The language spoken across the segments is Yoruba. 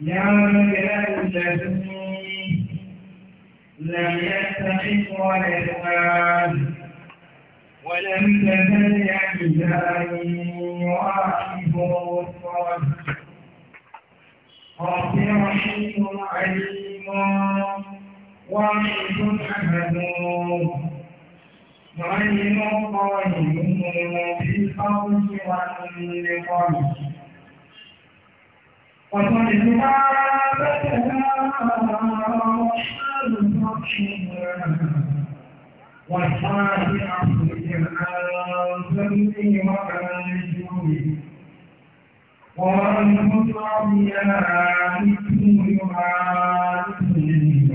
يوم الذي لم يستحق ولدا ولم تزل يداني يعاقبه الصبر رب رحيم عليم وعنتم أهدون وعين قائم بالخوف والنقم وقد عابدنا الرحمن رحيما والصالح أخرج عن ذنبي وعن جنوبي وعنهم أولياء يعرفون يعرفون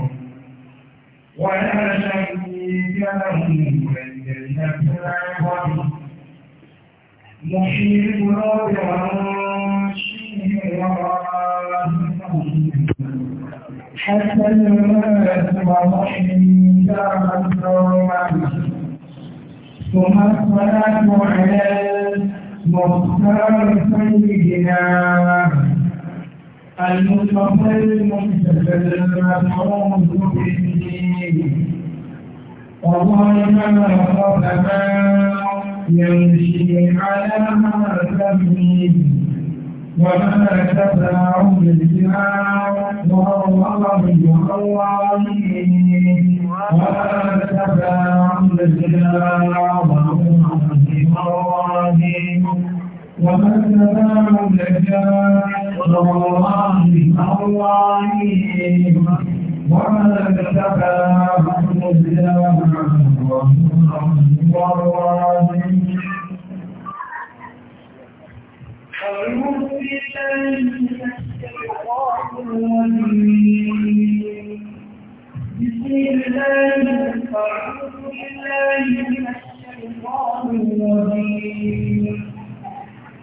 ولا شريك له وإليه العبر محيي القلوب ومنشئه وراسه حتى الموت ومحيي دار الظلمة ثم الصلاة على المختار سيدنا المتفرد متفرد والله ما خاب يمشي على فمه وما تبع بالجهاد والله الله وما تبع بالجهاد والله الله وما سماه لجاء والله الله وما سماه لجاء والله أعوذ بالله من الشيطان الرجيم بسم الله أعوذ بالله من الشيطان الرجيم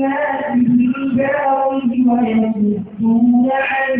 بآياته باطل ويصدون عن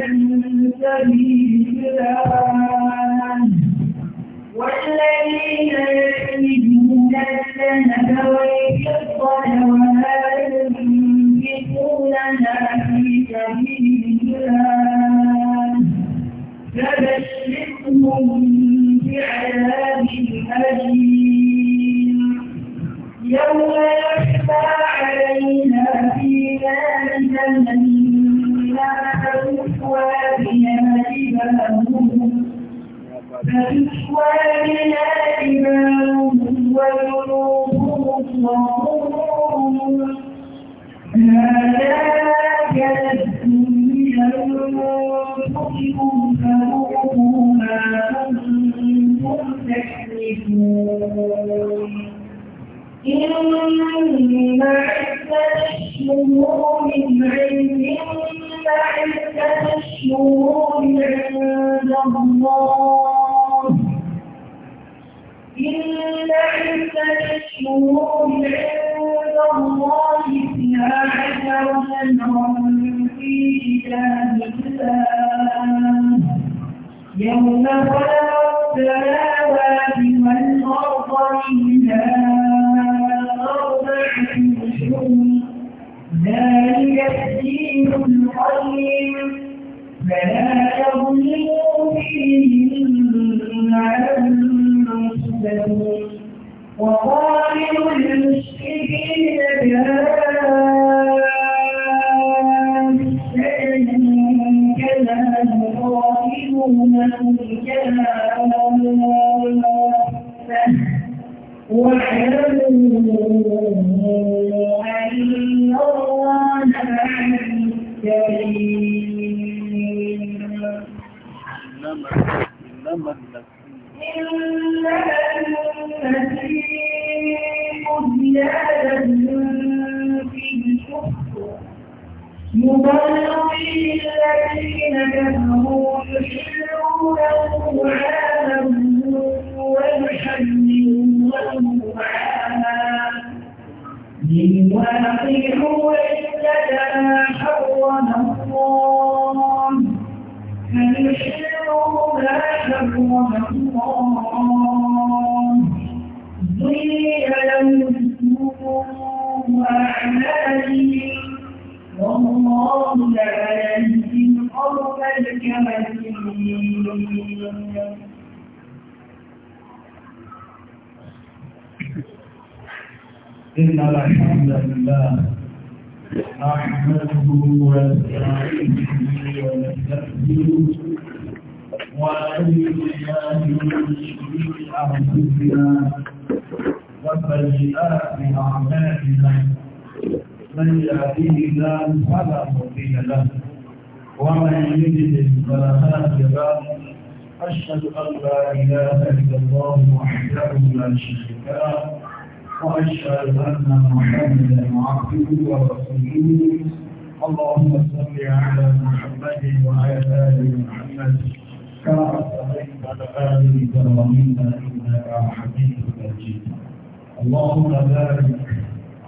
وأشهد أن محمدا عبده ورسوله اللهم صل على محمد وعلى آل محمد كما صليت على آل إبراهيم إنك حميد مجيد اللهم بارك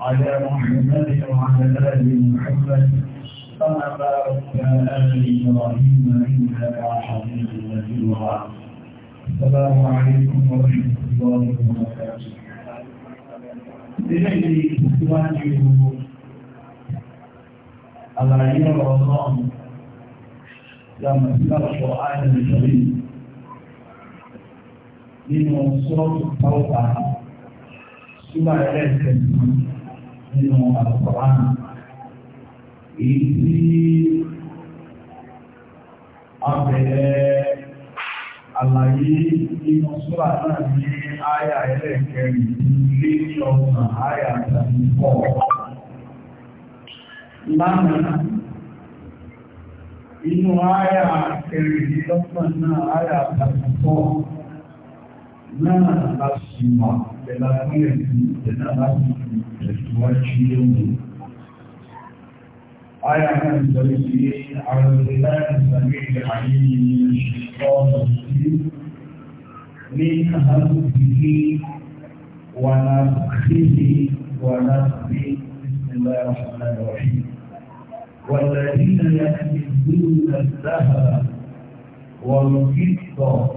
على محمد وعلى آل محمد كما باركت على آل إبراهيم إنك حميد مجيد السلام عليكم ورحمة الله وبركاته sílẹ̀ ní ìsíwájú ìlú àlàyé ọ̀rọ̀ náà yàmà sílẹ̀ àìní ìṣẹ̀lẹ̀ nínú sọ́ọ̀tù táwọ̀tà súbà ẹlẹ́ẹ̀kẹ̀sì nínú àlùkọ̀rán èyí tí a bẹ̀rẹ̀ àlàyé nínú súrà náà ní àyà ẹlẹ́ẹ̀kẹrin lé ní ọgbọ̀n àyà àtàrí pọ̀. Lánàá, inú àyà kẹrin ní ọgbọ̀n náà àyà àtàrí pọ̀ náà láti wà pẹ̀lá pẹ́lẹ̀ آية من سبيل عن الله السميع العليم من الشيطان الرجيم من همزه ونفخه ونفخه بسم الله الرحمن الرحيم والذين يكنزون الذهب والفضة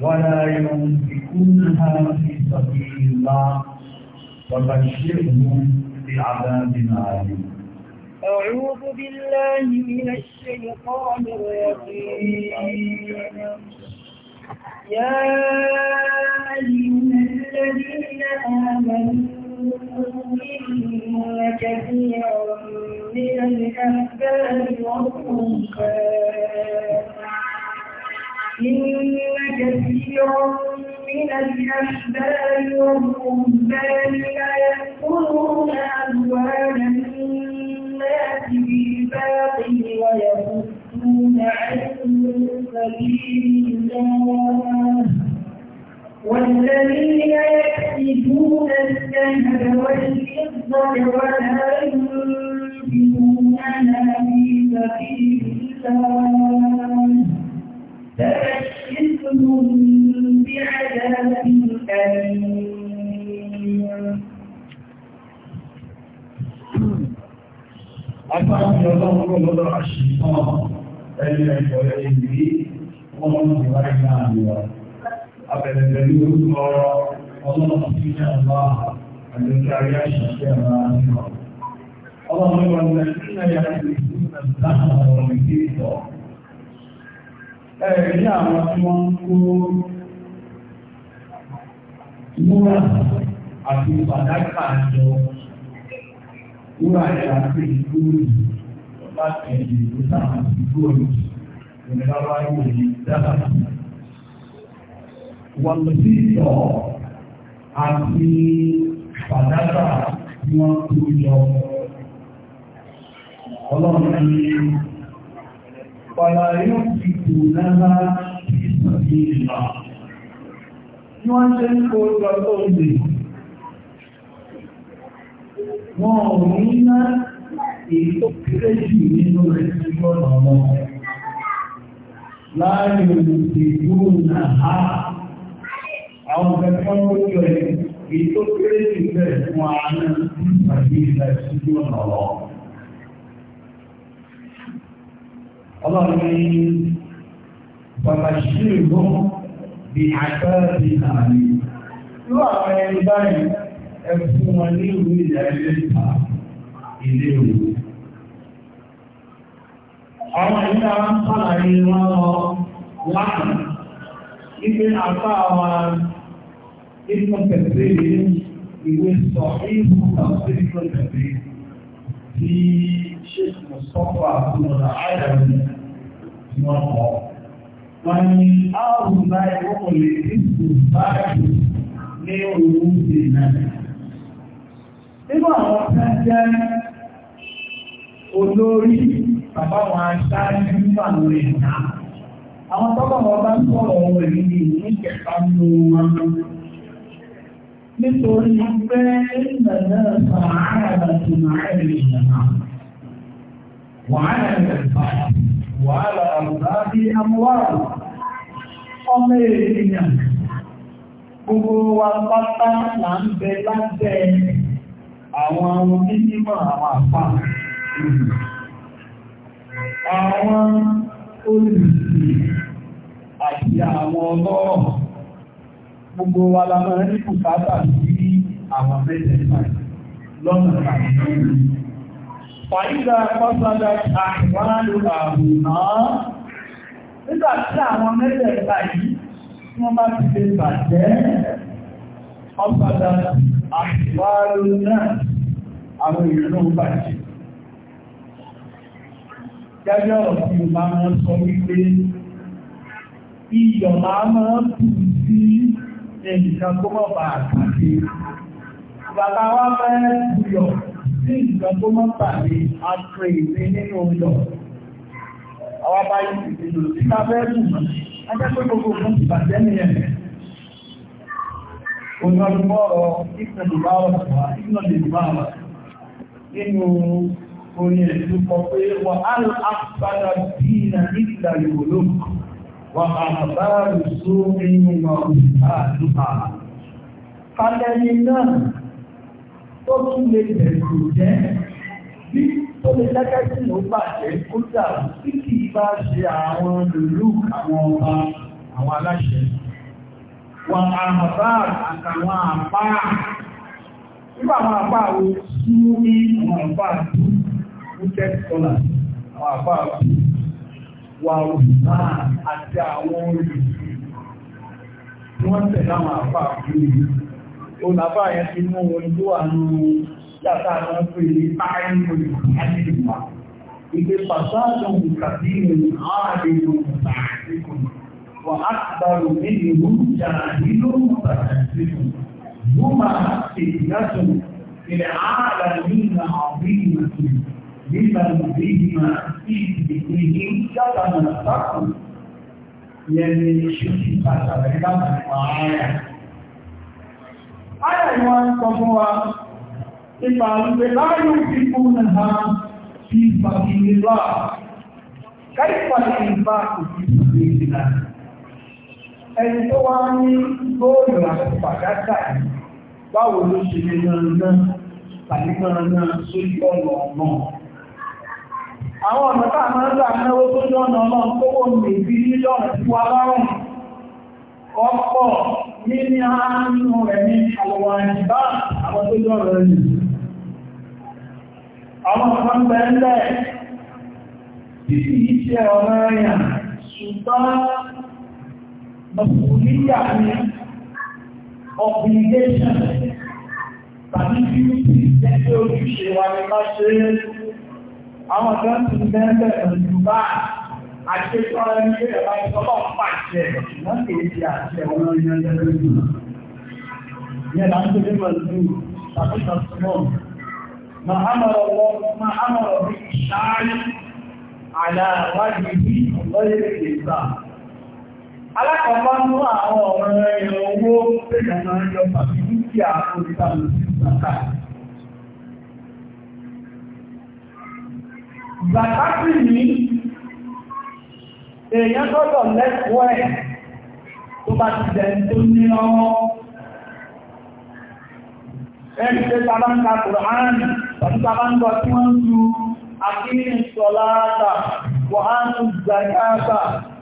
ولا ينفقونها في سبيل الله فبشرهم بعذاب عليم أعوذ بالله من الشيطان الرجيم يا أيها الذين آمنوا إن كثيرا من الأحباب والرهبان إن كثيرا من الأحباب والرهبان لا يأكلون أموال الناس الناس بالباطل ويصدون عن سبيل الله والذين يكسبون الذهب والفضة ولا ينفقونها في سبيل الله فبشرهم بعذاب أليم agbára ní ọlọ́run lọ́dọ̀ àṣìṣàn ẹni ẹ̀kọ́ ìlú wọn ń bí wáyé náà ní wa abẹ̀rẹ̀ pẹ̀lú orúkọ ọlọ́run tí ní àbá àjọṣe ayé àṣìṣe ara ní wa ọlọ́run ní wọn lẹ́yìn náà yà ní ìlú náà ọ̀rọ̀ ìdí ìtọ́ ẹ̀rí ní àwọn tí wọ́n ń kó múra àti pàdákà jọ wúrà ẹ̀ àti ìgbóòrì láti ẹ̀yìn ìlú náà àti ìgbóòrì ìrìnàwó ayé yìí dára. Wọ́n lọ sí ìtọ̀ àti fàdákà tí wọ́n tó yọ. Ọlọ́run ní Fàlà yóò fi tò lára ìsànlẹ̀ ìlà. Wọ́n ṣe ń kó lọ lóòrè wọn ò ní ná èyí tó kéré jù nínú rẹ̀ sí gbọ́nà ọmọ láàrin ìgbìmọ̀ náà á àwọn kẹfọ́n tó jọ èyí tó kéré jù bẹ́ẹ̀ fún àánú àti ìlà ìṣújú ọ̀nà lọ. ọlọ́run ní bàbá ṣírí lọ bí àgbára bí nàá ní. Irú àwọn ẹni báyìí ẹ fún wọn ní ìlú ìyá ilé ìta ilé ìlú. Àwọn ìlú àwọn sàlàyé wọn lọ láàrín ibi àpá àwọn ìlú pẹ̀lú ìwé sọ ìlú àti ìlú pẹ̀lú tí ṣe sọ́pọ̀ àtúnọ̀dà àyàwó tí wọ́n kọ́. Wọ́n ní àrùn báyìí wọ́n lè ní sùn báyìí ní òun ìlànà nínú àwọn tẹ́ jẹ́ olórí bàbá wọn aṣáájú nínú àwọn ìta àwọn tọ́kọ̀ wọn bá sọ̀rọ̀ ohun èlú ní ìkẹta nínú wọn nítorí pé ìgbẹ̀lẹ̀ sàárà àti màáìlì ìjọba wàhálà ìrẹ̀fà wàhálà àrùbá bí amúwàrù ọmọ ènìyàn gbogbo wa pátá là ń bẹ lábẹ́ àwọn mímọ̀ àwọn àpá àwọn olùsì àti àwọn ọlọ́rọ̀ gbogbo wa la máa ní bùkátà sí àwọn mẹ́tẹ̀ẹ̀ta lọ́nà àìyí fàyídà pásádà àìwáránlò àwòrán nígbà tí àwọn mẹ́tẹ̀ẹ̀ta yìí wọ́n bá ti lè bàjẹ́ ọ̀pádà sí àfáàrù náà àwọn èèyàn náà bàjẹ́. Gẹ́gẹ́ ọ̀rọ̀ tí mo máa ń sọ wípé iyọ̀ máa máa bù sí ẹnìkan tó mọ̀ bá àtàkì. Bàbá wa fẹ́ buyọ̀ sí nǹkan tó mọ̀ tàbí àtúrè ìwé nínú ọjọ́. Àwọn abáyé ìdílé tí ká fẹ́ ajẹ́ pé gbogbo fún ìbàjẹ́ nìyẹn. Onúọlùmọ́rọ̀ ìpẹ̀lúmọ́rọ̀ nínú orin ẹ̀sùn kọ pé wà áàbára bí i na ìgbà ìwòlò wà àbára só nínú àdúgbà. Kálẹ́ni náà tó tún lè bẹ̀rù jẹ́ bí tó lè lẹ́kẹ́ sí ló bàjẹ́ kó dà sí kìí bá ṣe àwọn lòlú àwọn ọba àwọn aláṣẹ wà àbá àtàwọn àpá nígbà àwọn àpá wo sú ní àwọn àpá àti wicked scholars àwọn àpá àti wà òṣìṣà àti àwọn orí tí wọ́n tẹ̀lé àwọn àpá àti orí olàbá yẹn ti mú wọn tó wà ní yàtà àwọn pé táyé orí àti ìgbà ìgbé pàṣẹ وأكبر منه جاهل متكلم هما فتنة في العالمين عظيمة لمن بهما في ذكرهم يتمسك يعني شوفي فتبعنا معايا Ayà ìwọ̀n sọ fún wa, ipa rúgbẹ́ láyé òfin fún ẹ̀há sí ìfàkìlélà, káìpàdé ìfà òfin fún ìrìnà ẹni tó wá ní góòlù àti pàdákà yìí báwo ló ṣe lè náà náà tàbí náà náà sójú ọ̀nà ọ̀nà àwọn ọ̀nà tá a máa ń gbà náwó tó jọ ọ̀nà náà tó wò ní ìbí nílọ́rùn tí wà lọ́rùn ọ̀pọ̀ níní àánú rẹ̀ ní àwọn àyíká àwọn tó jọ ọ̀rọ̀ yìí àwọn kan bẹ́ẹ̀ lẹ̀ títí iṣẹ́ ọ̀rọ̀ ẹ̀yà ṣùgbọ́n mọ̀kúlíyà ni obligation tàbí duty lẹ́gbẹ́ ojúṣe wa ni ká ṣe é àwọn kan ti mẹ́rẹ̀ pẹ̀lú bá àṣetọ́ ẹni pé ẹ̀rọ ìsọ́lọ̀ pàṣẹ wọ́n kì í ṣe àṣẹ wọn yan lẹ́rẹ́ jù yẹn là ń Alákọ̀ọ́bá mú àwọn ọ̀rọ̀ ẹ̀rọ owó pẹ̀lú ọjọ́ pàtàkì kí a kó títà lọ sí ìgbàkà. Bàtàkì ní èèyàn tọ́jọ̀ lẹ́kọ̀ọ́ ẹ̀ tó bá ti jẹ tó ní ọmọ. Ẹni pé tàbá ń ka Kùránì, tàbí tàbá ń gọ tí wọ́n ń du àkíyèsọ́láàtà, wọ́n á ń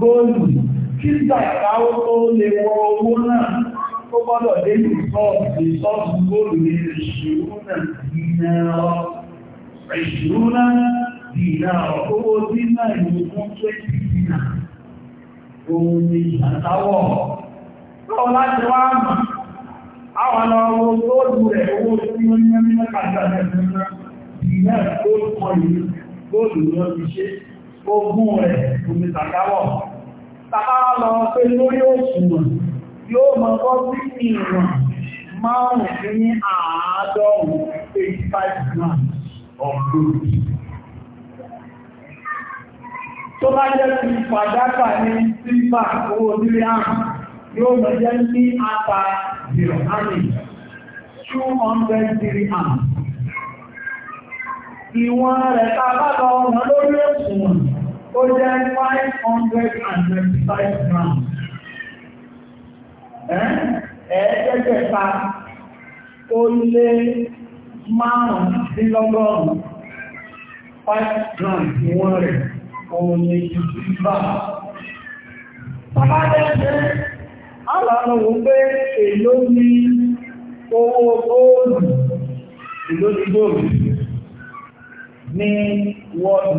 góòlù kí zàkà ó tó lè wọ owó náà tó gbọ́dọ̀ dé ìsọ́ọ̀sì ìsọ́ọ̀sì góòlù ní ìṣúná dínárọ̀ ìṣúná dínárọ̀ owó dínà ìwòkún 20 dínà òun ni àtàwọ̀ lọ́wọ́ láti wá mọ̀ àwọn ọmọ góòlù ogun rẹ̀ omi sàkáwọ̀. Tàbá lọ pé lórí òṣùwọ̀n yóò mọ kọ́ sí ìwọ̀n márùn-ún sí ní àádọ́rùn-ún 85 grams of gold. Tó bá jẹ́ ti ní sílvà owó onílé àrùn yóò mọ ní apá 200 Ìwọ̀n rẹ̀ lọ ọmọ lórí ó jẹ́ five hundred and twenty five grams ẹ̀ẹ́dẹ́gbẹ̀ta ó lé ún five grams ni wọ́n rẹ̀ òun ni ìjìbá tàbádẹ́gbẹ́ alàlọ́wọ́ pé èló ní owó góòlù èló ní world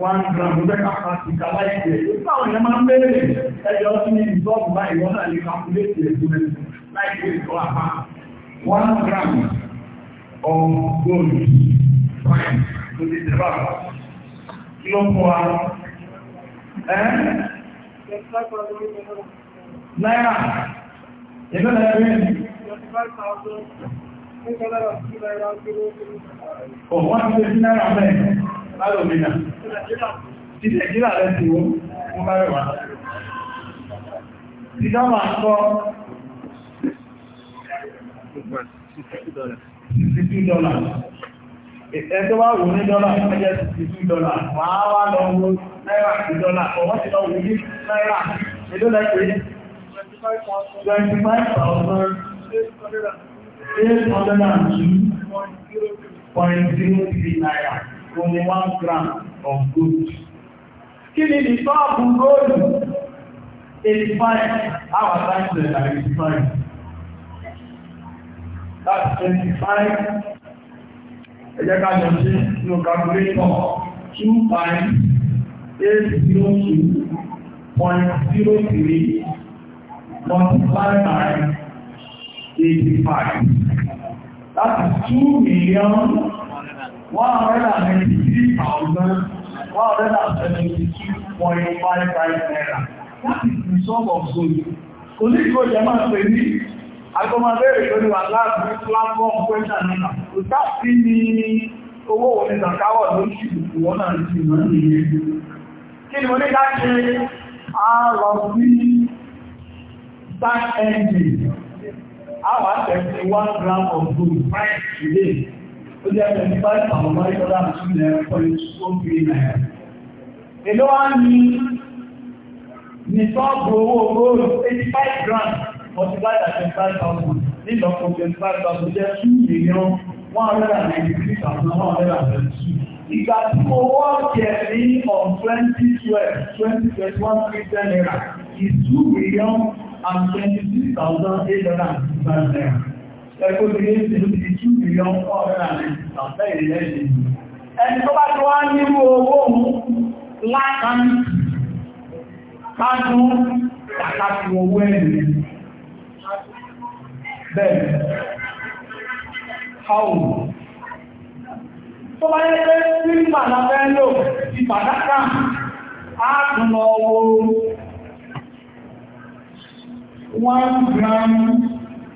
one gram bẹ́ẹ̀ ká ti kàlá ìgbẹ́ nípa àwọn èèyàn máa ń bẹ́ẹ̀rẹ̀ ẹjọ́ sí ní ìbọ́ọ̀bù báyìí wọ́n lè calculate the estimate one gram of gold fine to the devour kí ló fún wa ẹ́ náírà ẹgbẹ́ náà ẹgbẹ́ ọ̀wọ́n ti ṣe náírà bẹ́ẹ̀ lálòmínà ti nàìjíríà rẹ̀ ti wó mú mẹ́rẹ̀wà ti dámà ń kọ́ $62 wá wò ní dọ́là ẹjẹ́ $62 wà á wá lọ wo náírà sí dọ́là ọwọ́ ti lọ wò ní náírà ẹjọ́ lẹ́pẹ́ 25,802.03 náírà only one gram of gold. Kí ni the top gold? 85 our times are 85. That's five. Ẹ jẹ́ ká jọ sí no calculator Two times eight zero zero two point 802.03 multiplied by 85. That is two million 173,172.55 That is the sum of Zoli. Onígbò jẹ máa pè ní agbọmọdẹ́rẹ̀ lórí wà láàrín platform question nínà. Kò sáàtí ní owó òní ìtàkáwọ̀ ló ṣì wọ́n náà ti mọ́ ní ilé. Kí ni mo ní káṣe a lọ sí back ending? Our gram of gold price today ó jẹ́ 25,000 naira èló wá ní nìtọ́ọ̀bù owó góòlù 85 grand multiplied by 25,000 nílọ́pọ̀ 25,000 jẹ́ 2 million 193,132 ìgbà tí mo wọ́ jẹ́ ní on 2012 2021 christian era is 2 million and 26,800 naira Ẹni tó bá ti wá nírú owó mú lákan kádùn tàkàtù owó ẹ̀rì. Bẹ́ẹ̀, how? Tó bá yẹ́ pé sí pàdàfẹ́ lò ti pàdákà, á 1 gram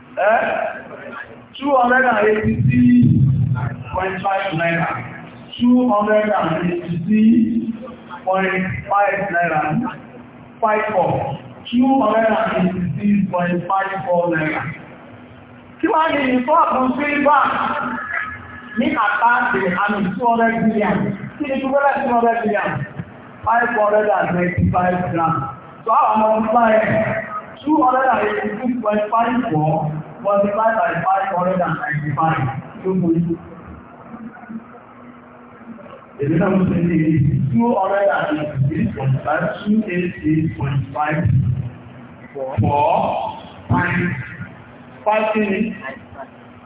280.5 eh? naira 280.5 naira 54 280.54 naira kí wá ní ìfọ́ àkùn sí bá ní àkáàkì àmì 200 billion kí ní túnbẹ́lẹ̀ 200 billion grams 282.54 multiplied by 595 ló mú ní. Èdè náà mú sí ní 288.5 4 times 5 minutes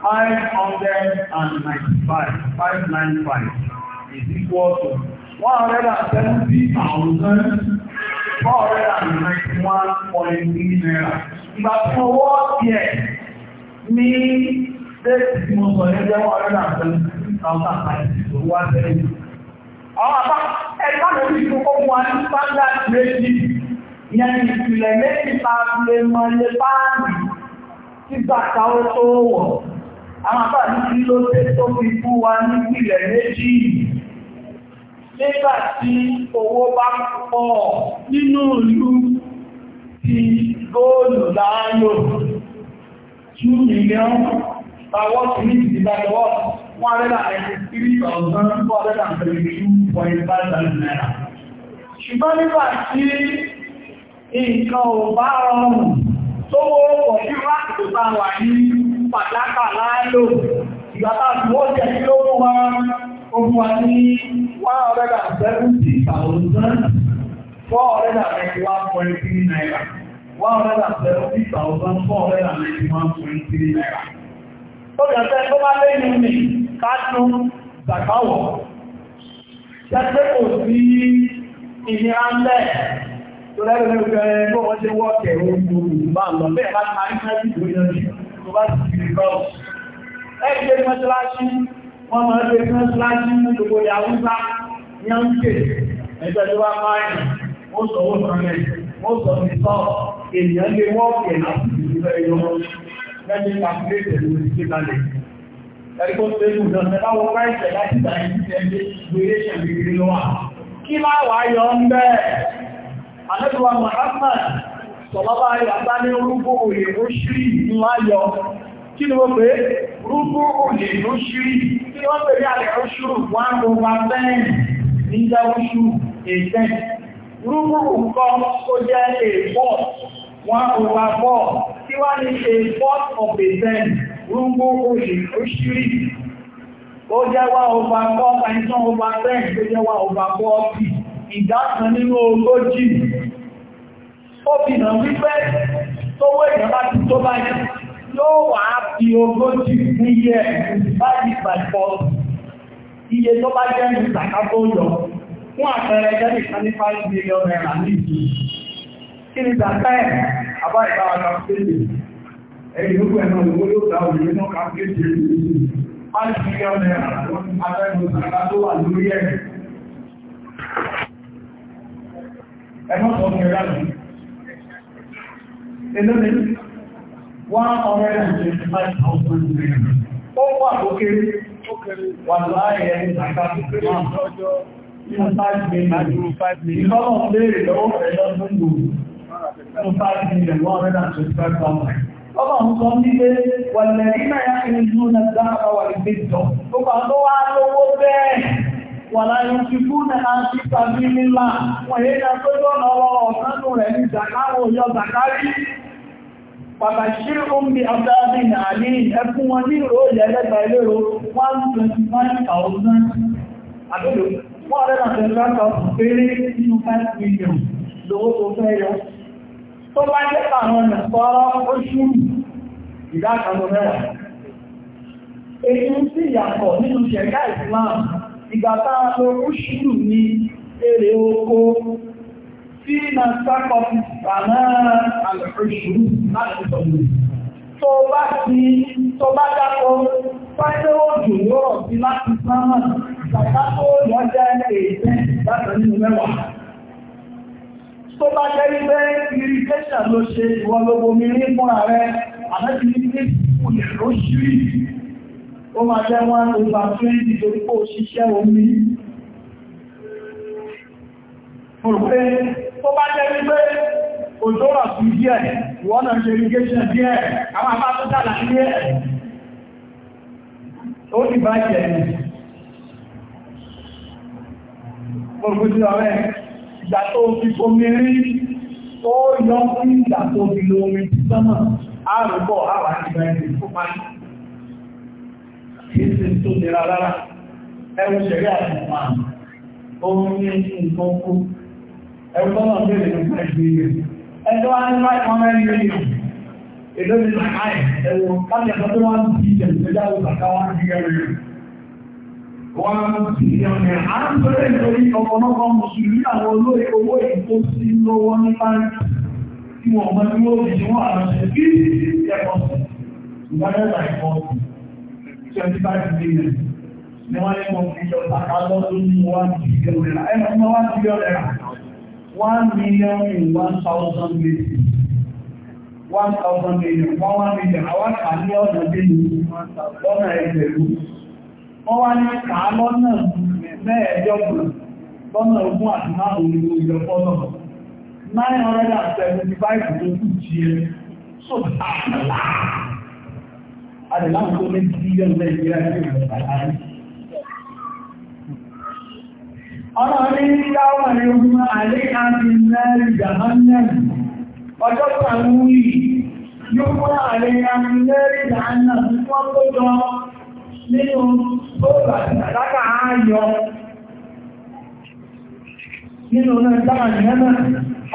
595 595 is equal to 170,000 four hundred ninety one point three naira. Ìgbà tí owó ọ̀pẹ̀ ní déètì tí mo sọ ní one hundred and seventy six thousand five six owó àtẹ́lẹ̀. Àwọn àbá ẹ̀ka ló fi kókó mu wa ní standard méjì ìyẹn ìpìlẹ̀ méjì ta lè mọ ilé báàmì nígbà táwọn tó wọ̀. Àwọn àbá ní kí ló dé tó fi fún wa ní ìpìlẹ̀ méjì nígbà tí owó bá pọ̀ nínú ìlú ti góòlù láàáyò 2 million tàwọ́ sí ní ìdíbàdọ́wọ́ 193,432.5 naira ṣùgbọ́n nígbà tí nǹkan ò bá rọrùn tó wọ́pọ̀ sí láti tó bá wà ní pàtàkà láàáyò ìgbàtà tí ó jẹ́ tí ó mú wa ogun wa ní one hundred and seventy thousand four hundred and one point three naira one hundred seventy thousand four hundred and one point three naira. Tóbi ọ̀sẹ̀ tó bá lé ní mi kájú Zakawọ̀. Ṣẹ́gbẹ́ kò sí ìnira ń bẹ̀. Tolẹ́rù ní ọjọ́ ẹ bó wọ́n ṣe wọ́ kẹ̀rọ ogun bá ń lọ bẹ́ẹ̀ bá ti máa ń fẹ́ sí ìwé yanjú tó bá ti fi kọ́ wọ́n máa lè fẹ́ láti gbogbo yàwúsá ní ọ̀nkè ẹgbẹ́ tó bá máa yìí ó sọ ó sọ rẹ̀ ó sọ ní sọ ènìyàn lè wọ́ọ̀kì ẹ̀ láti ìlú ẹ̀yọ́ lẹ́yìn kàkúrẹ́tẹ̀ ló ti kalẹ̀ ẹ̀kọ́ tó lù náà tẹ́lá wọ́n bá ìṣẹ̀ láti ìgbà yìí ti Muhammad sọ̀lọ́bà yàtá ní orúkọ òye ó ṣì kí ni wọ́n pé rúgbó olè ló ṣírí kí ni wọ́n pè ní alẹ́ oṣùrù one over ten ní ìdáwóṣù èdèn rúgbó nǹkan tó jẹ́ a four one over four tí wá ní a fourth of a ten rúgbó olè ló ṣírí ó jẹ́ one over four times one over ten tó jẹ́ one over four p ìdá nínú ogójì ó fi hàn wípé tó wé ìjọba ti tó báyìí yóò wà á fi ogójì fún iye báyìí pàpọ̀ iye tó bá jẹ́ ní ìsàkábó yọ fún àpẹẹrẹ jẹ́rì kan ní 5 million naira ní ìlú kí ni dàpẹ́ àbá ìbára kàfíìsì ẹ̀yìn ó pẹ̀lú owó yóò dá òye náà kàfíìsì ẹ̀yìn 5 million naira ló ń abẹ́nu ìsàká tó wà lórí ẹ̀ ẹ̀mọ́ sọ fún ẹ̀rọ one hundred and twenty-five thousand naira. ó wà lókè wà láàyè ẹni sàkàtì pé wọ́n tọ́jọ́ nínú five million ìlọ́nà léèrè lọ́wọ́ rẹ̀ lọ́dún gbòòrò nínú five million one hundred and twenty-five thousand. Ọba ń sọ nílé wàlẹ̀ nínú ẹ̀yà ìlú náà dáhà wà ní gbèjọ. Gbogbo àtọ́ wá lówó bẹ́ẹ̀ wàlá ìṣubú náà ti tàbí nílá. Wọ̀nyí náà tó lọ́nà ọ̀sán rẹ̀ ní Zakaro yọ Zakari pàtàkìrì oúnjẹ àbdáàbí nààrí ẹkùn wọn ní ìró ilẹ̀ ẹlẹ́gbà ilérò 125,000 àbílò 125,000 péré nínú million lówó tó fẹ́ yọ tó bá jẹ́ àwọn ìpọ́rọ̀ oṣù ìdákanlọ mẹ́wàá èyí sí ìyàtọ̀ nínú ṣẹ̀ká ìsìláàmù ìgbàtà lọ oṣù tí na sákọ̀ ìpàná àlùfẹ́ṣù láti sọ̀rọ̀. Tó bá ti tó bá dákọ̀ fáyé òjò yóò sí láti sánmà, ìsàkákò yọ jẹ́ èèyàn láti nínú mẹ́wàá. Tó bá jẹ́ wípé irrigation ló ṣe ìwọ gbogbo mi ní fúnra rẹ̀, àbẹ́bí ní pé kò lè ló ṣírí. Ó máa jẹ́ one over twenty torí kò ṣiṣẹ́ omi òpé tó bá jẹ́ wípé òjò rọ̀ sí díẹ̀ ìwọ́nà ṣe irrigation díẹ̀ àwọn àbá tó dà láti díẹ̀ ó ti bá jẹ́ Olùgbòsílọ̀ ọ̀rẹ́ ìgbà tó fi omi rí, ó yọ sí ìgbà tó fi lo omi ti sánmà, àrùbọ̀ àwà ẹgbẹ́ náà bèèrè ní ẹgbẹ́ yìí ẹgbẹ́ wa ní báyìí wọn mẹ́rin yìí èdè mi náà káyì ẹwọ káyì ẹgbẹ́ tó wọn ti jẹ ìgbẹ́jà òkà káwọn ti yẹ rẹ wọn ti yẹ rẹ à ń bẹ̀rẹ̀ nítorí ọ̀pọ̀lọpọ̀ mùsùlùmí àwọn olóyè owó ìkó sí lọ́wọ́ ní báńkì tí wọn mọ ní wọn ti wọn àwọn ṣe bí twenty five million ni wọ́n ní mo fi lọ one billion naira ẹ̀rọ one billion one million in one thousand million, one thousand million one one million àwọn kà ní ọ̀nà bíi lọ́nà ẹgbẹ̀rún wọ́n wá ní kà á lọ́nà mẹ́ẹ̀ẹ́dọ́gbọ̀n lọ́nà ogún àti márùn-ún ní ìjọ fọ́nà nine hundred and seventy five tó kù jí ẹ so àdìláwọ̀ tó ní bílíọ̀nù nàìjíríà ní ìjọba láàrín. ọlọ́rin ní láwọn ẹ̀rùn àlékàtí ọjọ́ pàlúwì yóò mọ́ àlékàtí mẹ́rin jahannam wọ́n tó jọ nínú bóòlà ìtàkà ayọ nínú náà dára nẹ́mẹ́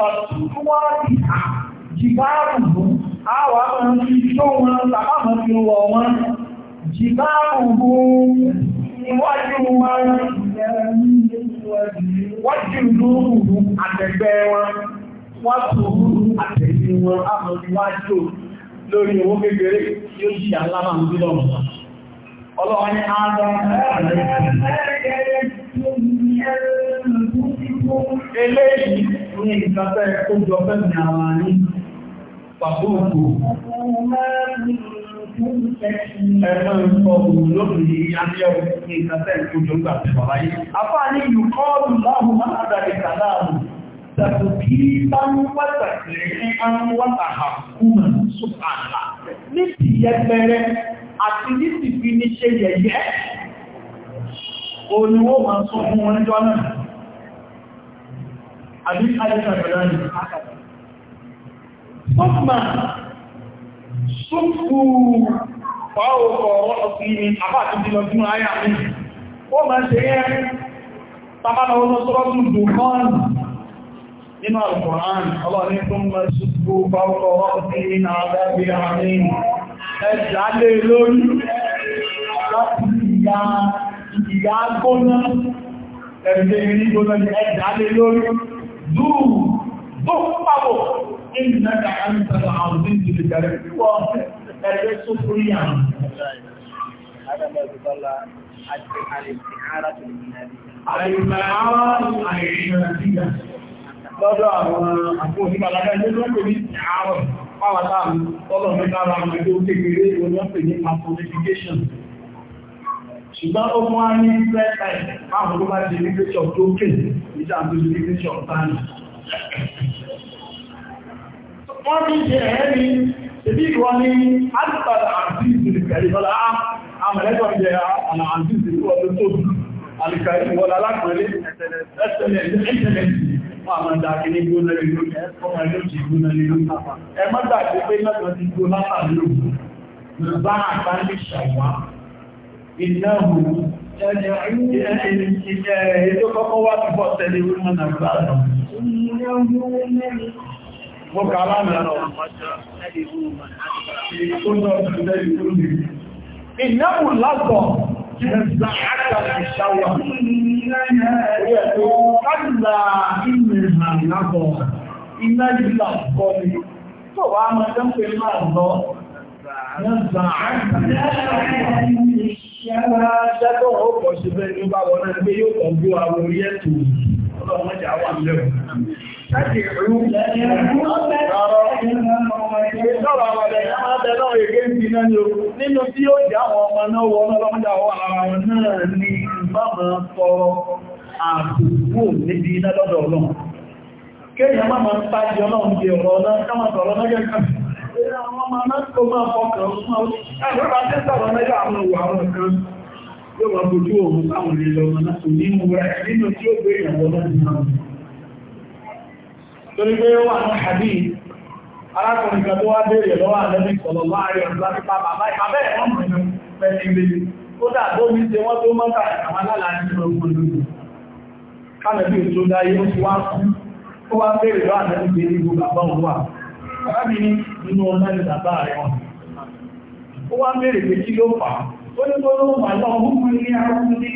ọ̀túnwọ́ ìhà jìbáàrùn àwọn àwọn tó fi wọ̀ wọ́n jí lóòrù àtẹ̀gbẹ́ wọn wọ́n tòrú àtẹ̀gbẹ́ wọn àmọ́dúnwájò lórí owó kékeré yóò jí alábà ń bílọ̀ Ẹ̀mọ́ ìfọ̀ òun lóbìnrin ní abẹ́ òun ní ìkàtẹ́ ìkójọ ìgbà tẹ̀wà láyé. Afá ní ìkọ́ọ̀lù láhùn máa àdàrí kàláàmù, tàbí kí bá ń pàtàkì ní àwọn wátàhà kúmà sùpàlà. Ní ti yẹpẹrẹ àti ní ti fi ní ṣe yẹ̀yẹ́, òun ó máa sọ súnkú pàókọ̀ ọ̀sìn àbáàtí ìlọ tí wọ́n ayà mi ó ma ṣe yẹ́ tàbátà ọmọ sọ́rọ̀tún dùkán nínú alkùnrán ọlọ́ni tó mọ́ súnkú pàókọ̀ ọ̀sìn àdábí àmì ẹjà lè lórí láti ìyá gbóná ẹ̀rẹ̀ ìrìn gbóná ẹjà lè lórí dùn إنك أنت العظيم الكريم ẹgbẹ́ tó kúrí àwọn Lọ́dọ̀ àwọn àpò òní Màlága ilé ló ń pè ní àárọ̀ pàwàtà tọ́lọ̀ mẹ́tàrà àwọn ẹgbẹ́ òkèkèrè olóòpè ní Mathematification. Ṣùgbọ́n ó mọ́ ní Fẹ́ẹ̀tàì, máa mọ́ tó bá ti ní Pẹ́ṣọ̀ tó kè ní ìjà àtúnṣe ní Pẹ́ṣọ̀ tánì wọ́n fi ṣe ẹ̀ẹ́ni ìbí ìwọ́n ni àtìpàdà àti ìsìnkẹ̀rì lọ́la àmàlẹ́kọ̀ọ́ jẹ́ àmà àti ìsìnkẹ̀rì tó alìkàrí wọ́la alákùnrin ẹ̀sẹ̀lẹ̀ ẹ̀sẹ̀lẹ̀ wọ́n àmà dákì ní gbóná lè lórí ọmọ ẹ̀lú ti gbóná lè lórí ẹ má dàgbé pé mẹ́ta ti gbóná àlò bá àbálẹ̀ ṣàwá ìnáwó ẹ̀ẹ́ mo kà lánàá lọ ìnáwó lásọ̀ Ìjẹ̀sà àkàrà ìṣàwà. Kádìlà ìmìnà lábọ̀. Iná ìlà kọ́ ni. Tó wá mọ́ jẹ́ ń pè máa lọ. Ìjẹ̀sà àkàrà ìṣàwà. Ṣẹ́ tó ó pọ̀ sí bẹ́ẹ̀ ní bá wọ́n náà gbé yóò tọ́jú àwọn orí ẹ̀tù. Ọlọ́run mọ́jà wà Nínú tí ó jẹ́ àwọn ọmọ náà wọ́n lọ́mọdá wọ́n ara wọn náà ni bàbá sọ̀rọ̀ àbùkù níbi iná lọ́dọ̀ ọlọ́run. Kéèyàn máa máa ń pàdé ọlọ́run di ọ̀rọ̀ ọlọ́run, ká máa sọ̀rọ̀ lọ́jọ́ kan. torí pé ó wà ní àbí arákùnrin kan tó wá béèrè lọ́wọ́ àlẹ́bí sọ̀rọ̀ láàrin ọ̀dọ́ láti pa bàbá ìpàbẹ́ ẹ̀wọ̀n mọ̀nà pẹ̀lú ilé kódà tó ní àwọn alálàájú ogun lójú ti náà ní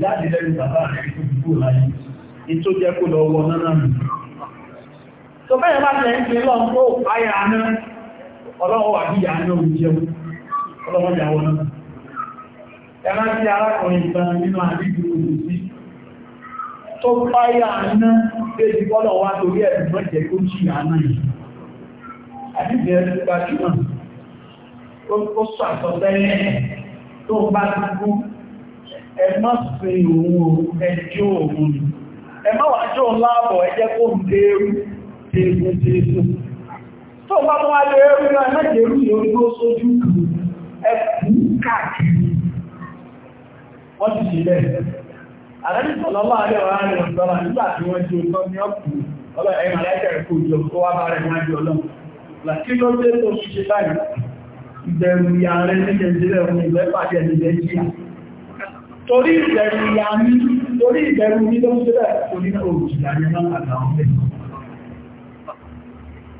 jáde bàbá rẹ̀ ìtó jẹ́ kó lọ wọ náà nù. tó bẹ́ẹ̀ bá tẹ́ ń lọ tó ayà náà ọlọ́wọ́ wà bí yàá náà jẹun ọlọ́wọ́ yàwó náà ẹ̀rá sí arákùnrin kan nínú àdíjú tó bá ti kú ẹ má sin òun ẹjọ́ òun Emewa jọ ńlá àbọ̀ ẹjẹ́ kó ń dé ẹrú so. tẹ́ẹ̀kùn tó bá tó wá lé ẹrú náà mẹ́jẹ̀ ẹrú ní orí ó sójú ẹkùn káàkiri wọ́n ti sílẹ̀ torí ìbẹ̀rù ìyá mi torí ìbẹ̀rù mi ló ń ṣe bẹ́ẹ̀ kò ní òrùsìlá ní máa àtàwọn mẹ́rin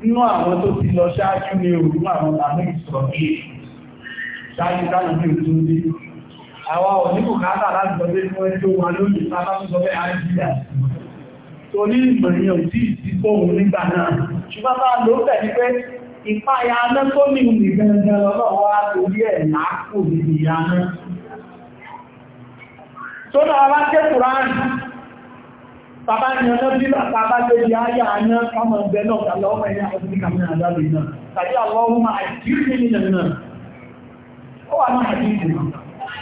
inú àwọn tó ti lọ ṣáájú ní òru àwọn àmì ìsọ̀rọ̀ ní ṣáájú káàkiri ní òtú ní àwa ò ní bùkátà láti sọ pé fún ẹjọ́ wa lónìí sábà ń sọ pé àìjíríà tó ní ìmọ̀rìn ò tí ìsí fóòrùn nígbà náà ṣùgbọ́n bá ló bẹ̀ ní pé ìpáyà aná tó ní ìgbẹ̀rẹ̀ lọ́wọ́ wa torí ẹ̀ láàpò ìyá náà tó náà wá jẹ́ kùránì bàbá ni ọ̀nà bí bàbá lè di ayé àná ọmọ ẹgbẹ́ náà tàbí ọmọ ẹ̀yà ọdún kàmínà àdábì náà tàbí àwọn ọmọ àìjírí nínú náà ó wà náà àjírí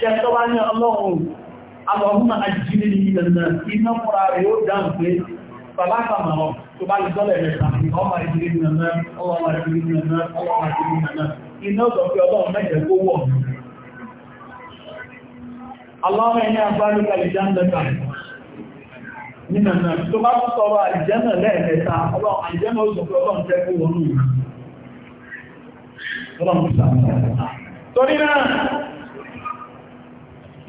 jẹ́ tó wá ní ọlọ́run àwọn ọmọ àjírí nínú náà iná fúnra rẹ̀ ó dáhùn pé bàbá kàmà ọ̀ tó bá lè dọ́lẹ̀ rẹ̀ tàbí ọmọ àjírí nínú اللهم إني أسألك الجنة nínú náà tó bá tó sọ́rọ̀ àìjẹ́nà lẹ́ẹ̀mẹ́ta ọlọ́run àìjẹ́nà ó sọ̀rọ̀ ọlọ́run jẹ́ kó wọnú ọlọ́run sàmà torí náà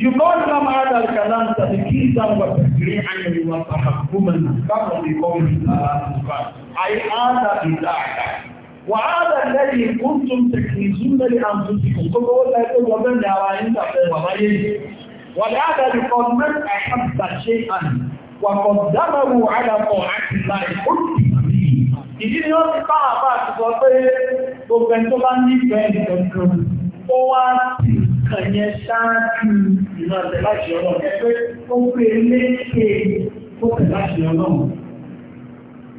yùkọ́ nípa máa dàrí kàdá ń tàbí kí ìdáwà pẹ̀lú àyẹ̀wò wọn pàpà gómìnà kápọ̀ ní kọ́mí àyè áàdà ìdáàdà wà áàdà lẹ́yìn ولهذا لقد من أحب شيئا وقدمه على طاعة الله قلت ìdí ni ó ti bá àbá àti sọ pé gbogbo ẹni tó bá nífẹ̀ẹ́ ìdọ̀kan ó wá sí kànyẹ ṣáájú ìrìnàjò láti ọlọ́run ẹgbẹ́ ó pè e léṣe tó pè láti ọlọ́run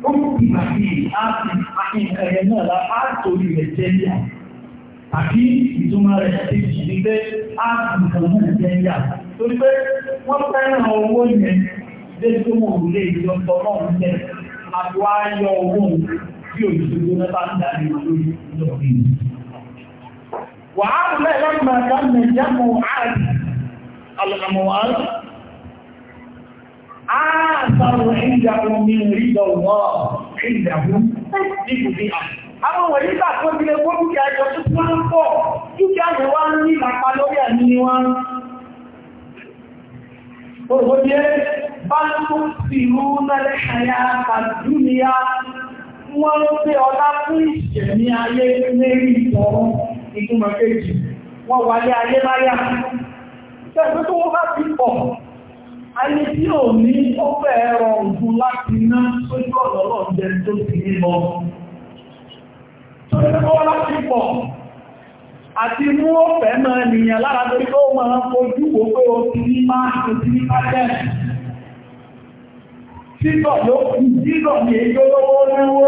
ó kú ìgbà bíi á ti àfihàn ẹ̀yẹ náà lá á torí rẹ̀ jẹ́ yàrá àbí ìtumọ̀ rẹ̀ kejì ní pé á nǹkan náà jẹ́ yà torí pé wọ́n fẹ́ràn owó yẹn débi tó wọn ò lè yọ tọ́lọ́ ńlẹ̀ àti wá yọ owó bí òṣèlú náà bá ń darí lórí lórí. wàá rẹ̀ lọ́gbà dáná jámọ̀ ààrẹ alàmọ̀ ààrẹ ààrẹ sàrò ìjà omi rí lọ́wọ́ ìjà fún ìbùdí àti. àwọn nwere tàbí ilé kó dúkìá jọ tó tí wọ́n ń pọ̀ dúkìá yẹn wá ní ìlàpá lórí ẹ̀mí ni wọ́n Òwò jẹ́ bá tún sí rú mẹ́lẹ́ ṣayá àdúnìyá wọ́n ló pé ọlá fún ìṣẹ̀mí ní ayé láyá. ayé tí ò ní tó ṣe kọ́ láti pọ̀ àti mú ọ̀fẹ́ máa nìyàn lára tó kó máa fojú gbogbo òtí ní máa tó ti ní pàtẹ́ títọ̀ ló kù títọ̀ ní èyí olówó olówó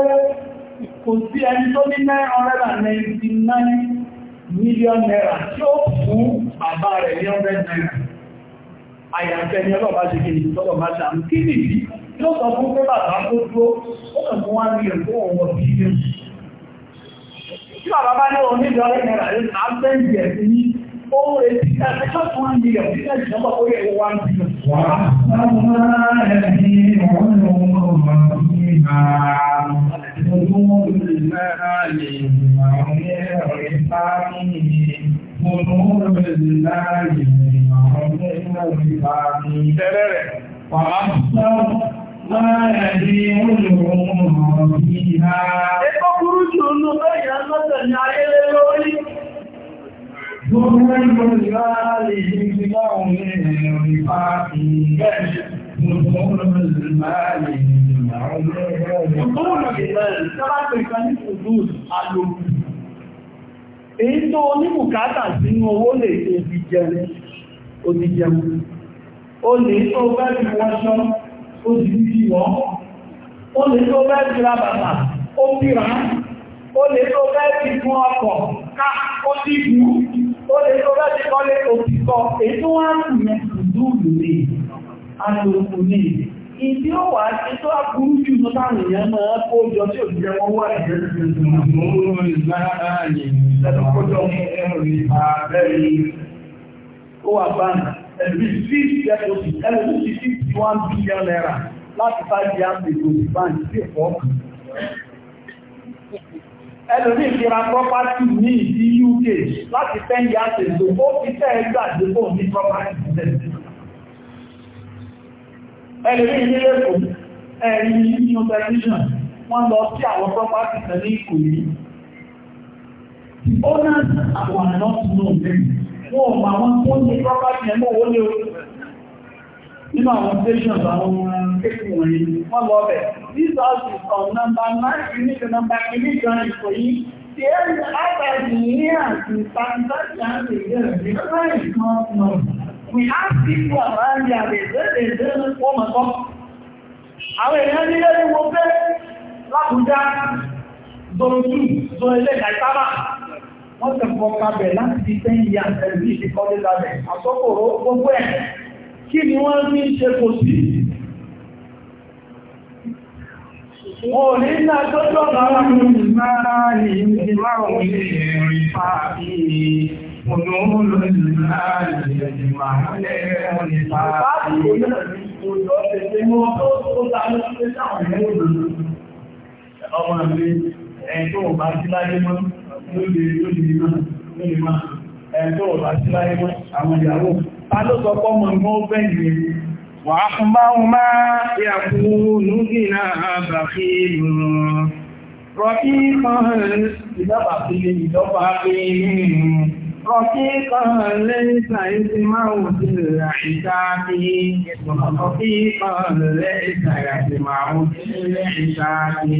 kò sí ẹni tó ní 999 million naira tí ó fún bàbá rẹ̀ ní 100 naira àyàfẹ́ ni ọlọ́pàá ṣe kìí tọ́lọ̀ máa ṣe àmì kí nìdí ló sọ fún pé bàbá tó dúró ó kàn fún wá ní ẹ̀kọ́ ọ̀wọ̀ bílíọ̀nù tí bàbá bá ní onídọ́rẹ́ náírà lè nà á fẹ́ ìyẹ̀ sí ní owó etí ẹgbẹ́ tó tún ń yíyọ̀ sí ẹ̀jẹ̀ ìjọba ó yẹ wá ń bí lọ. wà á máa ẹni wọn ló ń lọ mọ sí máa olówó lè náà lè àwọn ẹ̀rẹ́ sáré olówó lè náà lè àwọn ẹ̀rẹ́ sáré. Tẹ́lẹ̀ rẹ̀, wà á sọ máa yàdí olùrùn ọ̀rọ̀ ìhà. Ẹkọ́ burú jù ló bẹ́yà lọ́tẹ̀ ní ayé lórí. Gbogbo ẹgbẹ́ ìgbàlè ìgbìmọ̀ òun ní ẹ̀rọ ìfà ìgbẹ́. Gbogbo ẹgbẹ́ ìgbàlè ìgbìmọ̀ òun ní ẹ̀rọ ìfà ìgbẹ́. Gbogbo ẹgbẹ́ ìgbàlè ìgbìmọ̀ òun ní ó di sí wọ́n ó lè tó bẹ́ẹ̀ ti ra bàtà ó bíra ó lè tó bẹ́ẹ̀ ti fún ọkọ̀ ká ó sì bú ó lè tó bẹ́ẹ̀ ti kọ́lé òtítọ́ ètò wọn kù mẹ́sùn dúró lè alòkù ní ìdí ó wà ní tó àbúrú jù tó táwọn èèyàn máa kó jọ tí òjìjẹ wọn wà ní ẹgbẹ̀rẹ̀ ó wà báńkì ẹ̀rí sí ìjẹ́kọ̀sí ẹ̀rí sí fifty one billion naira láti five years ago sí báńkì sí ẹ̀fọ́ ẹlòmí ìfira property ní ìdí UK láti ten years ago ó fi tẹ́ ẹgbà dépò ní property tẹ́lẹ̀ ẹlòmí ìdílé kò ẹ̀rí new television wọ́n lọ sí àwọn property tẹ́lẹ̀ ìkòyí owners are not known wọ́n ò máa wọ́n tó ní property ẹ̀mọ́ owó ní orí nínú àwọn stations àwọn kéèkùn wọ̀nyí wọ́n lọ bẹ̀ this house is on number nine unit number eight gan ìfọ̀ yìí the area outside the near and sanitary and the the weather is not known we ask people around here they say they say wọ́n mọ̀ tọ́ àwọn èèyàn ní lẹ́yìn wọ́n fẹ́ lákùúdá zone two zone ilé ìdájábà wọ́n ti kọ́ kabẹ̀ láti fi tẹ́ ìyá ẹ̀rí ìfikọ́lé labẹ̀ àtọ́kòrò gbogbo ẹ̀ kí ni wọ́n ní ṣe kò sí wọn ò ní ní àjọ́jọ́ náà ní ìmára ní ìmára ní ìrìn pàápí Ọmọ mi, ẹ̀yìn tó bá sí láyé mọ́, Wàhùnmáhùnmá yàkú nùgínà àbàfí ìrùn. Rọ̀kí kan ìdọ́bà fi ìdọ́bà fi ìrìn. Rọ̀kí kan lẹ́yìn sàíṣẹ́ máa wù sí ìrìnàṣìká bí. Rọ̀kí kan lẹ́yìn sàíṣẹ́ máa wù sí ìrìnàṣìká bí.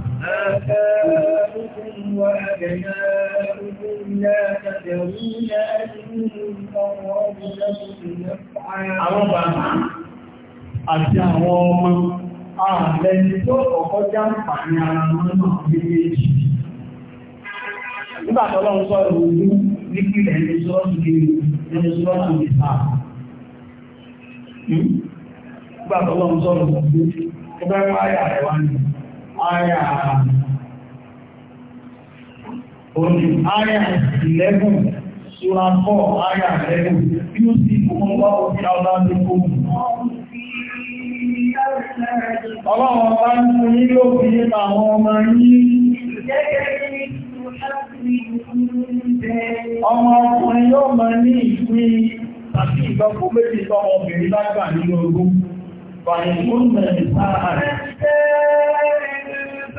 آباؤكم وأبناؤكم لا تدرون أيهم قرب نفعا àti àwọn ọmọ ààrẹni tó ọ̀kọ́ já ń ara wọn náà méjèèjì. Nígbàtọ́lọ́ ń sọ ìròyìn nípìnlẹ̀ ẹni sọ́ọ̀tù kiri ẹni sọ́ọ̀tù ìfà. Nígbàtọ́lọ́ ń àyà òní àyà 11 ṣúra 4 àyà 11 bí ó sì kó mọ́ wọ́n fi ọlá ní Ọlọ́run bá ń fún ló fi àwọn ọmọ Ọmọ yóò mọ ní ìpín ìgbọ́kú méjì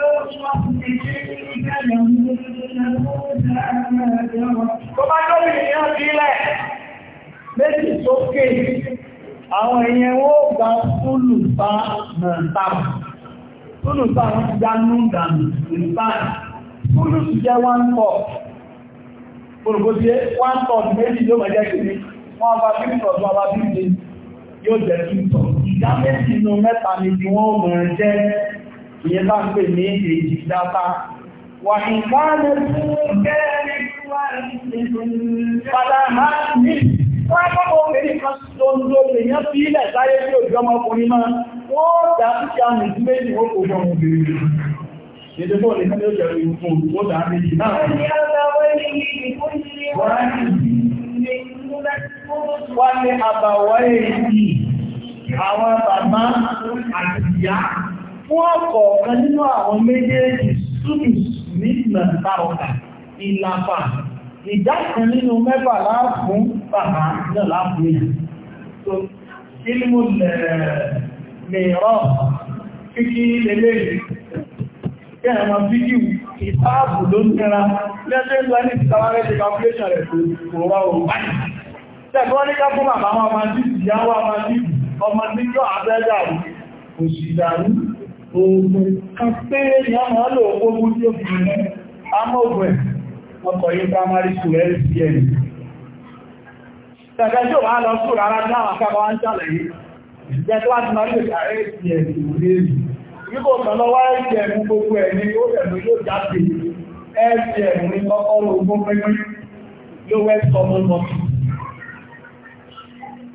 Tó bá jọ́ mi ìyàn sílẹ̀, méjì sókè, àwọn èèyàn ó gba fúlùfà mọ̀ta. Fúlùfà wọ́n ti dánú dànù ìfà. Fúlùfù jẹ́ one cup. Olùgbòsí one cup méjì yóò mọ̀ jẹ́ kìí, wọ́n bá bí ìtọ̀ tó bá bí ìdí yóò jẹ́ ìyẹn bá ń pè ní èjì dáta wà ní káàlẹ̀ fún kẹ́ẹ̀rẹ́ wà ní padà máa ní wọ́n kọ́kọ́ obìnrin kan tó ń lo èèyàn sí ilẹ̀ sáyé tí òjò ọmọkùnrin máa wọ́n dá sí àmì tí méjì wọ́n kò fẹ́ wọn bèèrè Èdè bọ́ọ̀ ní kẹ́lẹ́ òjò ìrìn fún òun dá méjì náà. Wọ́n ní àbàwọ̀ èyí, àwọn bàbá àti ìyá fún ọ̀kọ̀ọ̀kan nínú àwọn méjèèjì súnus ní ìlànàtàrọ̀kà ìlàpà ìdá kan nínú mẹ́fà láàfún bàbá náà láàfún èèyàn tó ilmù mẹ́rọ̀ fíkí lélẹ̀ kẹ́ẹ̀mọ̀ fíkí ìfáàbù ló nira lẹ́gbẹ́ ìlú ẹni ti tàwárẹ́ ti calculation rẹ̀ kò wá òun báyìí tẹ́gbọ́n ní ká fún bàbá wọn máa dìbì yáwó máa dìbì ọmọ níjọ́ abẹ́jà òṣìdàrú oògùn kan pé ìyá máa lò ogun tí ó fi ní amóògùn ẹ̀ ọkọ̀ yí primary school lcn ṣàgbẹ́jọ́ wà lọ school ara dáwọn akábọ̀ wá ń ṣàlàyé ìjẹ́ tó wá ti máa lè ṣà lcn ìwòlérì wípò kan lọ wá lcn gbogbo ẹ̀ ní ó rẹ̀ yóò jáde lcn ní kọ́kọ́rọ̀ ogun pẹ́pẹ́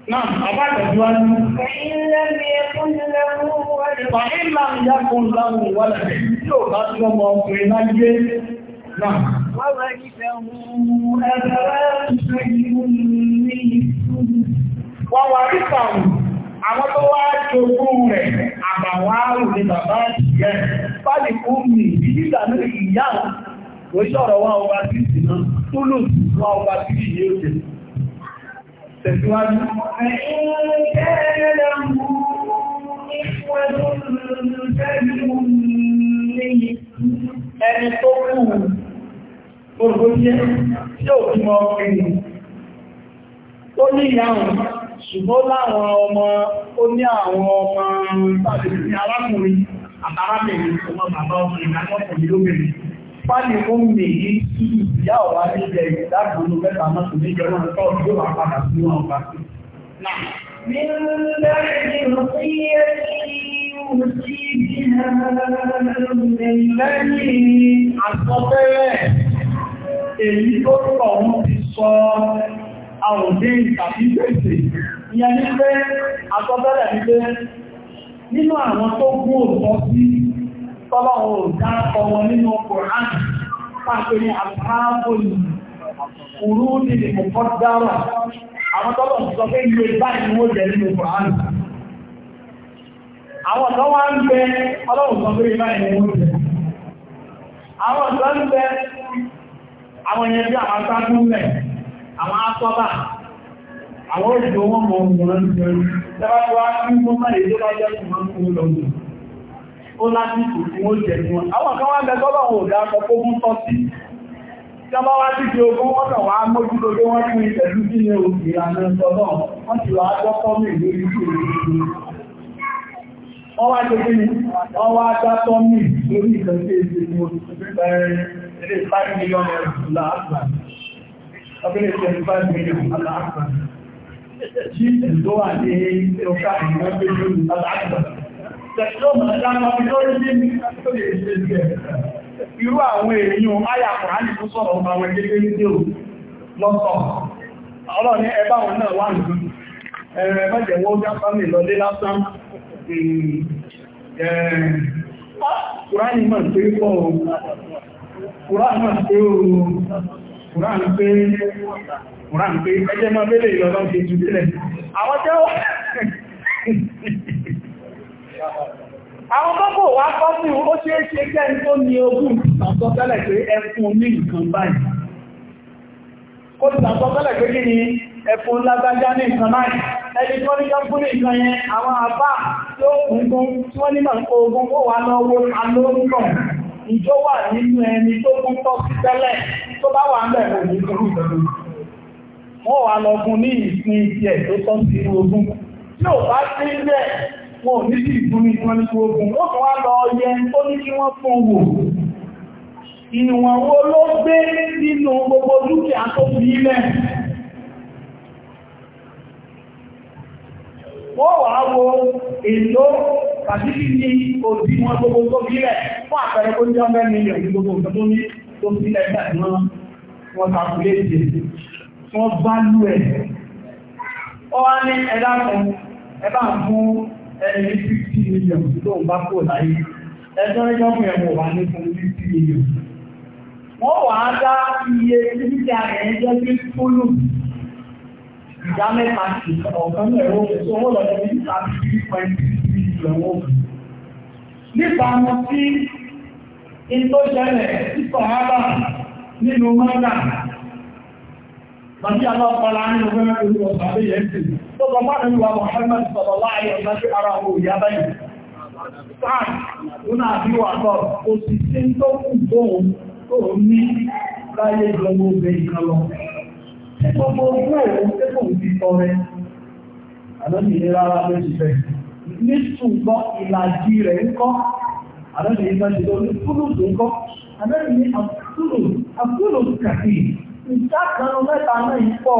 نعم أبعد أجوان فإن لم يكن له ولد فإن لم يكن له ولد يوقف موقعنا نعم وورثه أبواه فإن وورثه ọba Tẹ̀síwájú. Ẹni tó kú gbogbo jẹ́ tí ò bímọ ọkùnrin. Ó ní ìyàwó, ṣùgbọ́n láwọn ọmọ, ó ní àwọn ọmọ tàbí ní arákùnrin àtàrábìnrin ọmọ bàbá ọkùnrin láwọn ọkùnrin lóbìnrin fáàlì oúnjẹ yìí sí ìyá ọ̀wá nílẹ̀ ìdágbòlò mẹ́ta náà tó ní jẹun ọ̀tọ́ yóò wà padà sí wọn ọ̀pá sí. من بعد وصية يوصي بها الذي àsọtẹ́lẹ̀ èyí tó pọ̀ wọ́n ti sọ tó tọ́lọ́run òjá ọmọ nínú Kùrán pàtẹ́ ní àpáàbòlì òrú nílé dára àwọn tọ́lọ̀ sọ pé báyìí wó jẹ nínú àwọn tó wá ń bẹ sọ pé báyìí wó jẹ àwọn tó ń bẹ àwọn yẹn bí àwọn sáájú àwọn àwọn mọ̀ ó láti ìtù tí wọ́n jẹ fún àwọn kan wá gbẹ́gbọ́lọ̀ wọn ò dá ọkọ̀ ogun tọ́ sí jọba wá sí ti ogun wọ́n wá mójútó pé wọ́n fún ìtẹ̀lú sí ní ogun ìlànà sọ́lọ́ wọ́n ti wá gbọ́kọ́ mi lórí wọ́n wá jẹ́ kíni wọ́n wá dátọ́ mi Irú àwọn èèyàn ayà Kùránì tó ọmọ àwọn ẹgbẹ́ ní Déò lọ́sọ̀. Ọlọ́ ní ẹbá wọn náà wà nìdú. Ẹ̀rẹ̀ mẹ́jẹ̀ wọ́n já sámi lọlé lásán. Kùránì àwọn bọ́bọ̀ wá kọ́ sí ó ṣe é ṣe jẹ́ tó ní ogún ìtànsọ́tẹ́lẹ̀ pé ẹfún ní nǹkan báyìí kó ìtànsọ́tẹ́lẹ̀ pé kí ni ẹfún lágbájá ní nǹkan báyìí ẹni tó ní jọ́kún ní nǹkan yẹn àwọn àbá tó kùnkún tí wọ́n nímọ̀ ogun ó wà lọ́wọ́ alóńkọ̀ ìjọ wà nínú ẹni tó kún tọ́ sí tẹ́lẹ̀ tó bá wà ń bẹ̀ wọn ò ní sí ìfún ní wọ́n ní kí ó fún ó tún wá lọ yẹ tó ní kí wọ́n fún wò ìwọ̀n wo ló gbé nínú gbogbo dúkìá tó fi ilẹ̀ wọ́n wà á wo èlò tàbí kí ní òdì wọn gbogbo tó fi ilẹ̀ fún àpẹẹrẹ tó jẹ́ ọmọ ẹni ìrìn gbogbo nǹkan tó ní tó fi ilẹ̀ ìgbà tí wọ́n kàkùlé ìdè wọ́n bá lú ẹ̀ ọ wá ní ẹ̀dá kan ẹ̀bá fún ẹni $15 million tó ń bá kò láyé ẹjọ́ ìjọba ẹ̀wọ̀n wà ní fún fifty million. wọ́n wà á dá iye títí àrẹ̀ ẹjọ́ sí fúlù ìdá mẹ́ta sí ọ̀kan ẹ̀rọ tó wọ́n lọ sí nípa ṣẹlẹ̀ nínú mọ́gà. nínú fẹ́rẹ́ ń tó sọ máa wa Muhammad sọ̀rọ̀lá ayọ̀ láti ara ohun ìyá báyìí sáà lónà àbíwà kọ́ kò sì sí tó kù tóun tó ní láyé gbogbo obè ìkan lọ tí gbogbo owó òun tí kò fi tọrẹ àlọ́nì ní rárá ló ti fẹ́ ní ṣùgbọ́n ìlàjì rẹ̀ ń kọ́ àlọ́nì ní bá ti lọ ní fúlùtù ń àfúlù àfúlù kàkì mẹ́ta náà ń pọ̀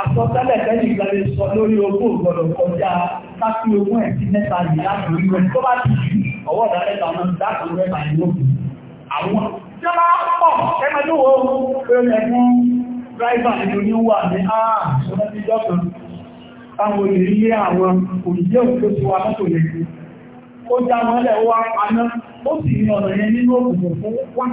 àsọtẹ́lẹ̀ tẹ́lẹ̀ ìgbàlẹ̀ sọ lórí ogún kọjá mẹ́ta yìí láti orí rẹ̀ tó bá ti jù ọwọ́ mẹ́ta àwọn tí ó máa pọ̀ fún dráìbà nínú ní wà ní ààrùn ah, táwọn olè àwọn wà lè fi ó já wá paná ó sì ní ọ̀nà yẹn nínú òkùnkùn fún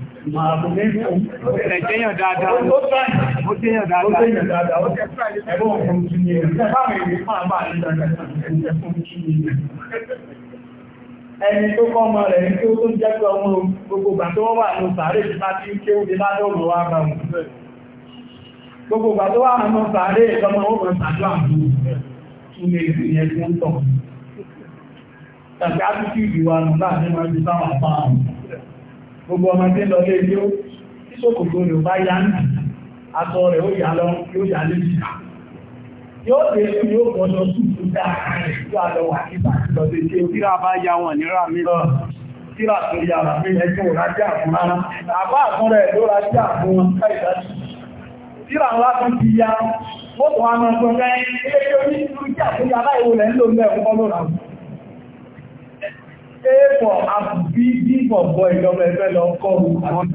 Ẹ̀jẹ̀yàn dáadáa. Ó jẹ́yàn dáadáa. Ó jẹ́ ẹ̀bọ́n fún kí ni ẹ̀rẹ́ báwọn èrè máa máa ní dáadáa ẹ̀jẹ̀ fún kí ni ẹ̀rẹ́ ẹni tó kọ́ ọmọ rẹ̀ ní kí ó tó ń jẹ́ pé ọmọ gbogbo ìgbà tó wà ní sàárè ti máa ti ń ké ó di ládọ́ ọmọ wa bá wọn. gbogbo ìgbà tó wà ní sàárè ìjọmọ ó mọ̀ sàdó àbú tún lè rí ìyẹn tó ń tọ̀. tàbí á tún kí ìdíwà nù láti máa ju táwọn apá àwọn gbogbo ọmọdé lọ lé ilé ó tí sókòtò rẹ̀ bá yá ń dì aṣọ rẹ̀ ó yà lọ yóò yà lé jìkà yóò lè fún yóò kọ́ lọ sí ìdúdá rẹ̀ tó àlọ́ wà nígbà tí lọ lé ilé tíra bá ya wọn níra mìíràn tíra tó yàrá mí ẹjọ́ rájá fún rárá àbá àkúnrẹ̀ ló rájá fún wọn káìdájú tíra ńlá tó ti ya mọ́tò àwọn ọmọ ọgbọ̀n rẹ̀ ilé tó ní ìlú jà tó yàrá ìwòlẹ̀ ńlò mẹ́rin kọ́ lóra fún A for apple, B, for boy, ìjọba ẹgbẹ́ lọ kọrù àwọn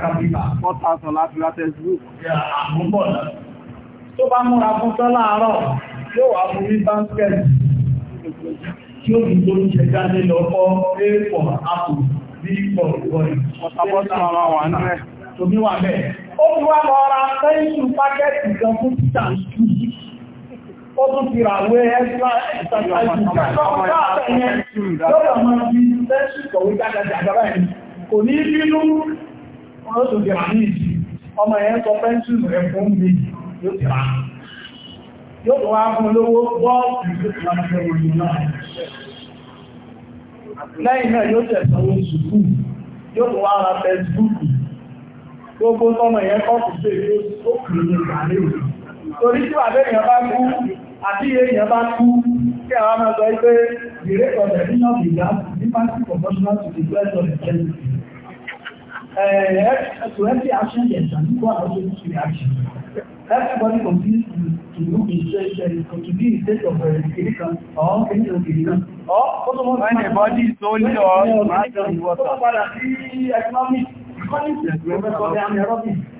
capital. group. Àmúbọ̀ náà. Tó bá múra fún tán láàárọ̀, yóò ní basket. Kí ó for apple, B for boy. Ọ̀tàbọ̀tà ọ̀rọ̀ wà náà rẹ̀. Tòmí ó tún ti rà wé ẹ́sìlá ọmọ ẹ̀yẹn sọ pẹ́ńsù rẹ̀ fún mi yóò ti rà yóò tó wá fún olówó bọ́ọ̀lù tó ti láti ẹ̀rọ ìlú náà lẹ́yìn náà yóò tẹ̀ sanwó sùkú yóò tó wá ra fẹ́sibúùkù gbogbo tọ́mọ ẹ̀yẹn kọ́kù sí èdè ó kìí ní ìgbà lérò torí tí wà bẹ́ẹ̀ àti èèyàn bá kú kí àwọn máa sọ pé ìré ọ̀dẹ̀ nínú ìgbà ní pàtàkì proportional to the breadth of the church. Eh, to eh, every action there is an equal opposite reaction. Everybody continues to, look in and eh, to be in of religion or any religion. Or also want to anybody is only or matter in water.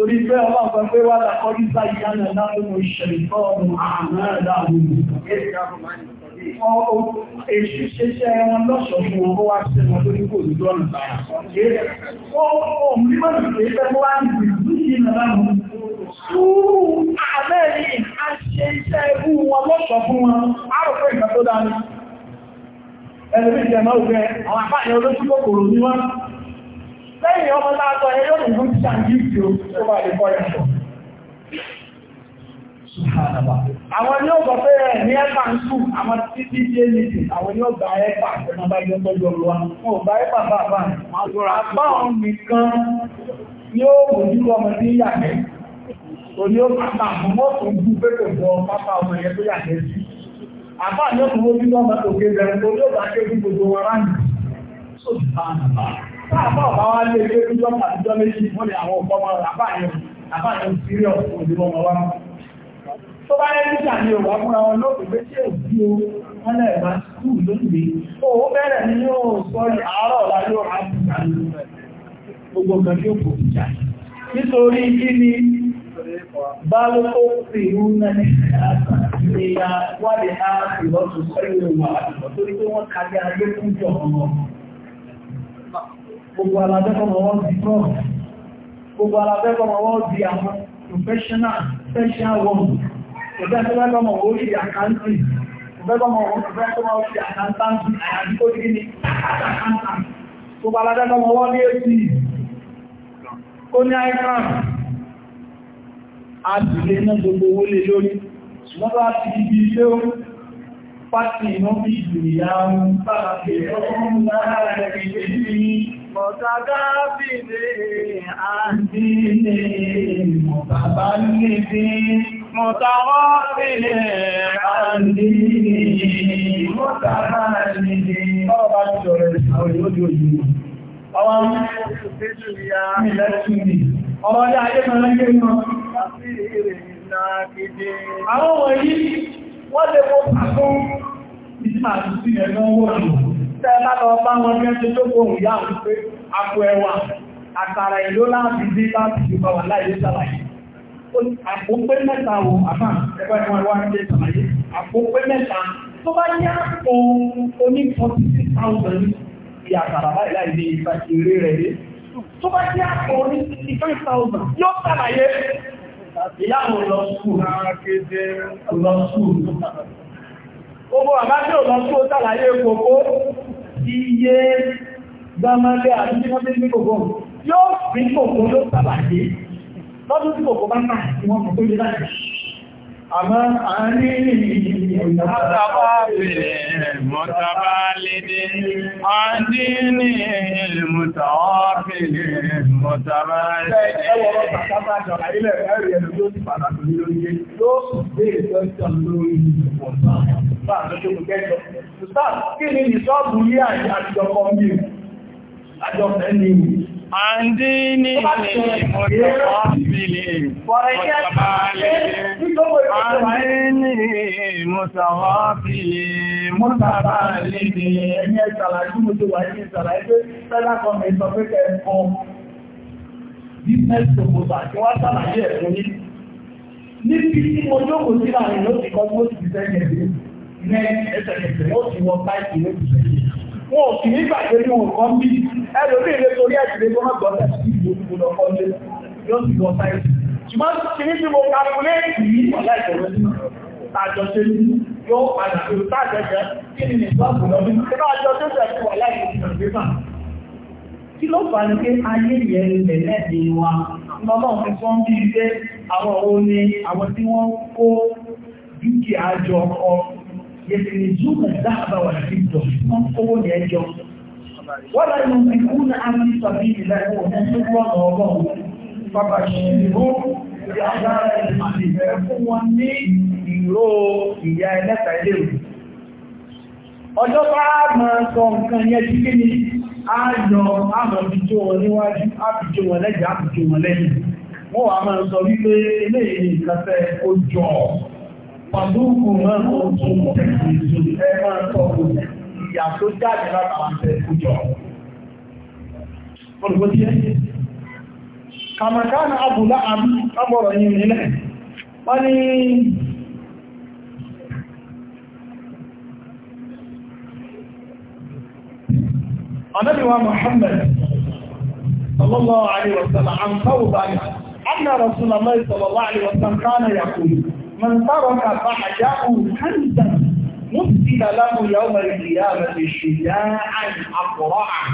torí pé ọlọ́pàá pé wà lákọ́ nípa ìyánà lábúrú ìṣẹ̀lẹ̀ fọ́ọ̀mù àmà láàrin èṣù ṣeṣẹ́ wọn lọ́ṣọ̀ fún ọkọ́ wá ṣe wọn lórí kò ní lọ́nà báyà ó mímọ̀ sí pé wá ń gbìyànjú ìyínà láàrin sùúrù àmẹ́rin lẹ́yìn ọmọ láàtọ̀ ẹ yóò nìyàn ti ṣàǹdí ìjò tó bá lè kọ́ ẹ̀ṣọ́. Àwọn ni ó gbọ́ pé ẹ̀ ní ẹ̀fà ń sùn, àwọn títí jẹ́ nìtì, àwọn ni ó gba ẹ̀fà ẹ̀nà bá yọ tọ́jú ọlọ́wà. Wọ́n ò gba ẹ̀fà bàbá, àbá òun nìkan ni ó bòjú ọmọ sí yàgbẹ́. O ni ó pàpà àmọ́ fún bú pé kò bọ pápá ọmọ yẹn tó yàgbẹ́ sí. Àbá ni ó kún ó bí Káàbá ọ̀bá wá lé ilé ìjọ́ àtijọ́ méjì wọ́n ni àwọn ọ̀pọ̀ wọn àbáyẹn àbáyẹn sírí ọ̀pọ̀ òdìbọn wọn wá. Tó bá yẹ títà ní òwà fúnra wọn lóòpù pé tí òbí o wọ́n lẹ̀ bá skúù lónìí. Owó bẹ̀rẹ̀ ni yóò sọ àárọ̀ ọ̀la yóò rà bùkà gbogbo kan yóò kò jà. Nítorí kí ni báwo tó fi ń ìyá wà lè á ìlọ́sùn sẹ́yìn òwà àtìmọ̀ torí pé wọ́n kájá ayé ọmọ gbogbo alábẹ́kọ̀ọ́ wọn di prof gbogbo alábẹ́kọ̀ọ́ wọn di àwọn professional special work ìgbẹ́kọ̀ọ́ wọn ó di àkáǹtì ìgbẹ́kọ̀ọ́ wọn ó di àkáǹtì àyàbí tó dín ní àkáǹtì gbogbo alábẹ́kọ̀ọ́ wọn ní èsì ó ní àìkàn àdìlé náà gbogbo owó lé lórí ṣùgbọ́n bá ti ibi ilé ó pàtì ìmọ́ bí ìgbìyànjú bá àti ìrọ́kùnrin láàárín ìgbèjì Mọ̀tàgábìnì àdínì mọ̀bàbánibí, mọ̀tàgábìnì àdínì mọ̀tàgábìnì. Ọba ti jọ rẹ̀ àwọn ìlójú òyìn. Ọwá ń rí lẹ́tùnì. Ọba ní ayé kan lẹ́gbẹ̀ẹ́ mọ́. Àwọn wọ̀nyí, wọ́n lè mọ́ pàtó ìdí màá sí ẹ̀gbọ́n wọ́n lò tẹ́ lára ọba wọn kẹ́ ti tó kò ìyá wípé àpò ẹwà àtàrà ìlú láti bí láti jù bá wà láìlé sàlàyé àpò pé mẹ́ta wo àbá ẹgbẹ́ tó bá yá àpò oní 46,000 yóò sàlàyé ìyá àwọn lọ sùúrù Gbogbo àbá tí ò lọ sí ó tàlàyé kòkó iye gbámọ́lé àti tí wọ́n tí ní kòkó. Yóò fi kòkó ló tàbàdé lọ́dún tí kòkó bá ń pàtàkì wọn kò tó lè láti àmọ́ a ní ìmọ̀tàbáfìlẹ̀ mọ̀tàbálẹ́dẹ́ a ní ní ìmọ̀tàwáfìlẹ̀ mọ̀tàbálẹ́dẹ́ ẹwọ̀ pàtàkì àìlẹ̀ ẹ̀rẹ̀ ẹ̀rẹ̀ tó ti pàtàkì lórí ilé tó sì gbé ìtọ́jọ́ lórí ìpọ̀tà bá àtọ́jọ́ kẹ́jọ́ Ìsáà kí ni ìṣọ́bù yí àjọ kan bí àjọ fẹ́ ni Àndínì mùsàwábìlì mùsàbálì. Àndínì mùsàwábìlì mùsàbálì. Ẹni ẹ̀sàlá tí mo ti wà ní ìsàlá ẹgbẹ́ fẹ́lá kan mẹ́ sọ pé kẹ́ẹ̀kọ́ business proposal tí wọ́n sàlàyé ẹ̀fún ní. Níbi tí mo jókòó sí láàrin ló ti kọ́ tí ó ti fi sẹ́yìn ẹ̀sẹ̀ ẹ̀sẹ̀ ẹ̀sẹ̀ wọn ò sì ní gbàgbé ní wọn kan bí ẹ̀rọ ní ilé torí ẹ̀jìlẹ̀ tó má gbọ́dọ̀ sí ìlú òkú lọ kọ́ lé yóò sì lọ sáyé ṣùgbọ́n kì ní tí mo kalkuléètì yìí wà láìpẹ̀rẹ̀ tàjọ ṣe ní yóò padà tó tàjẹ̀jẹ̀ kí ni nìgbàgbọ́ lọ bí kí lájọ يكنزون الذهب والفضة من قول يجب ولا ينفقون عن سبيل الله ونسوا الله فبشرهم بعذاب أليم fún wọn ní ìró ìyà ẹlẹ́ta ilé ìlú ọjọ́ bá máa sọ nǹkan yẹn tí kí ni a yọ àmọ̀ ìjọ wọn níwájú àbìjọ wọn lẹ́jẹ̀ àbìjọ wọn lẹ́yìn wọ́n wà máa sọ wípé eléyìí nǹkan fẹ́ ó jọ ọ̀ pàdúkù náà ó tún tẹ̀sí ìṣù ẹ máa tọ́kù ìyà tó jáde láti máa tẹ̀sí jọ. Olùgbò tí ẹ kàmàkánà àbúlá àbúrọ̀ yìí nílẹ̀ wọ́n ni Ànábìwá Muhammad sallallahu alaihi wasallam an kawo bani, an Rasulallah sallallahu alaihi wasallam kana ya من ترك بعده خمسا نزل له يوم القيامة شجاعا أقرعا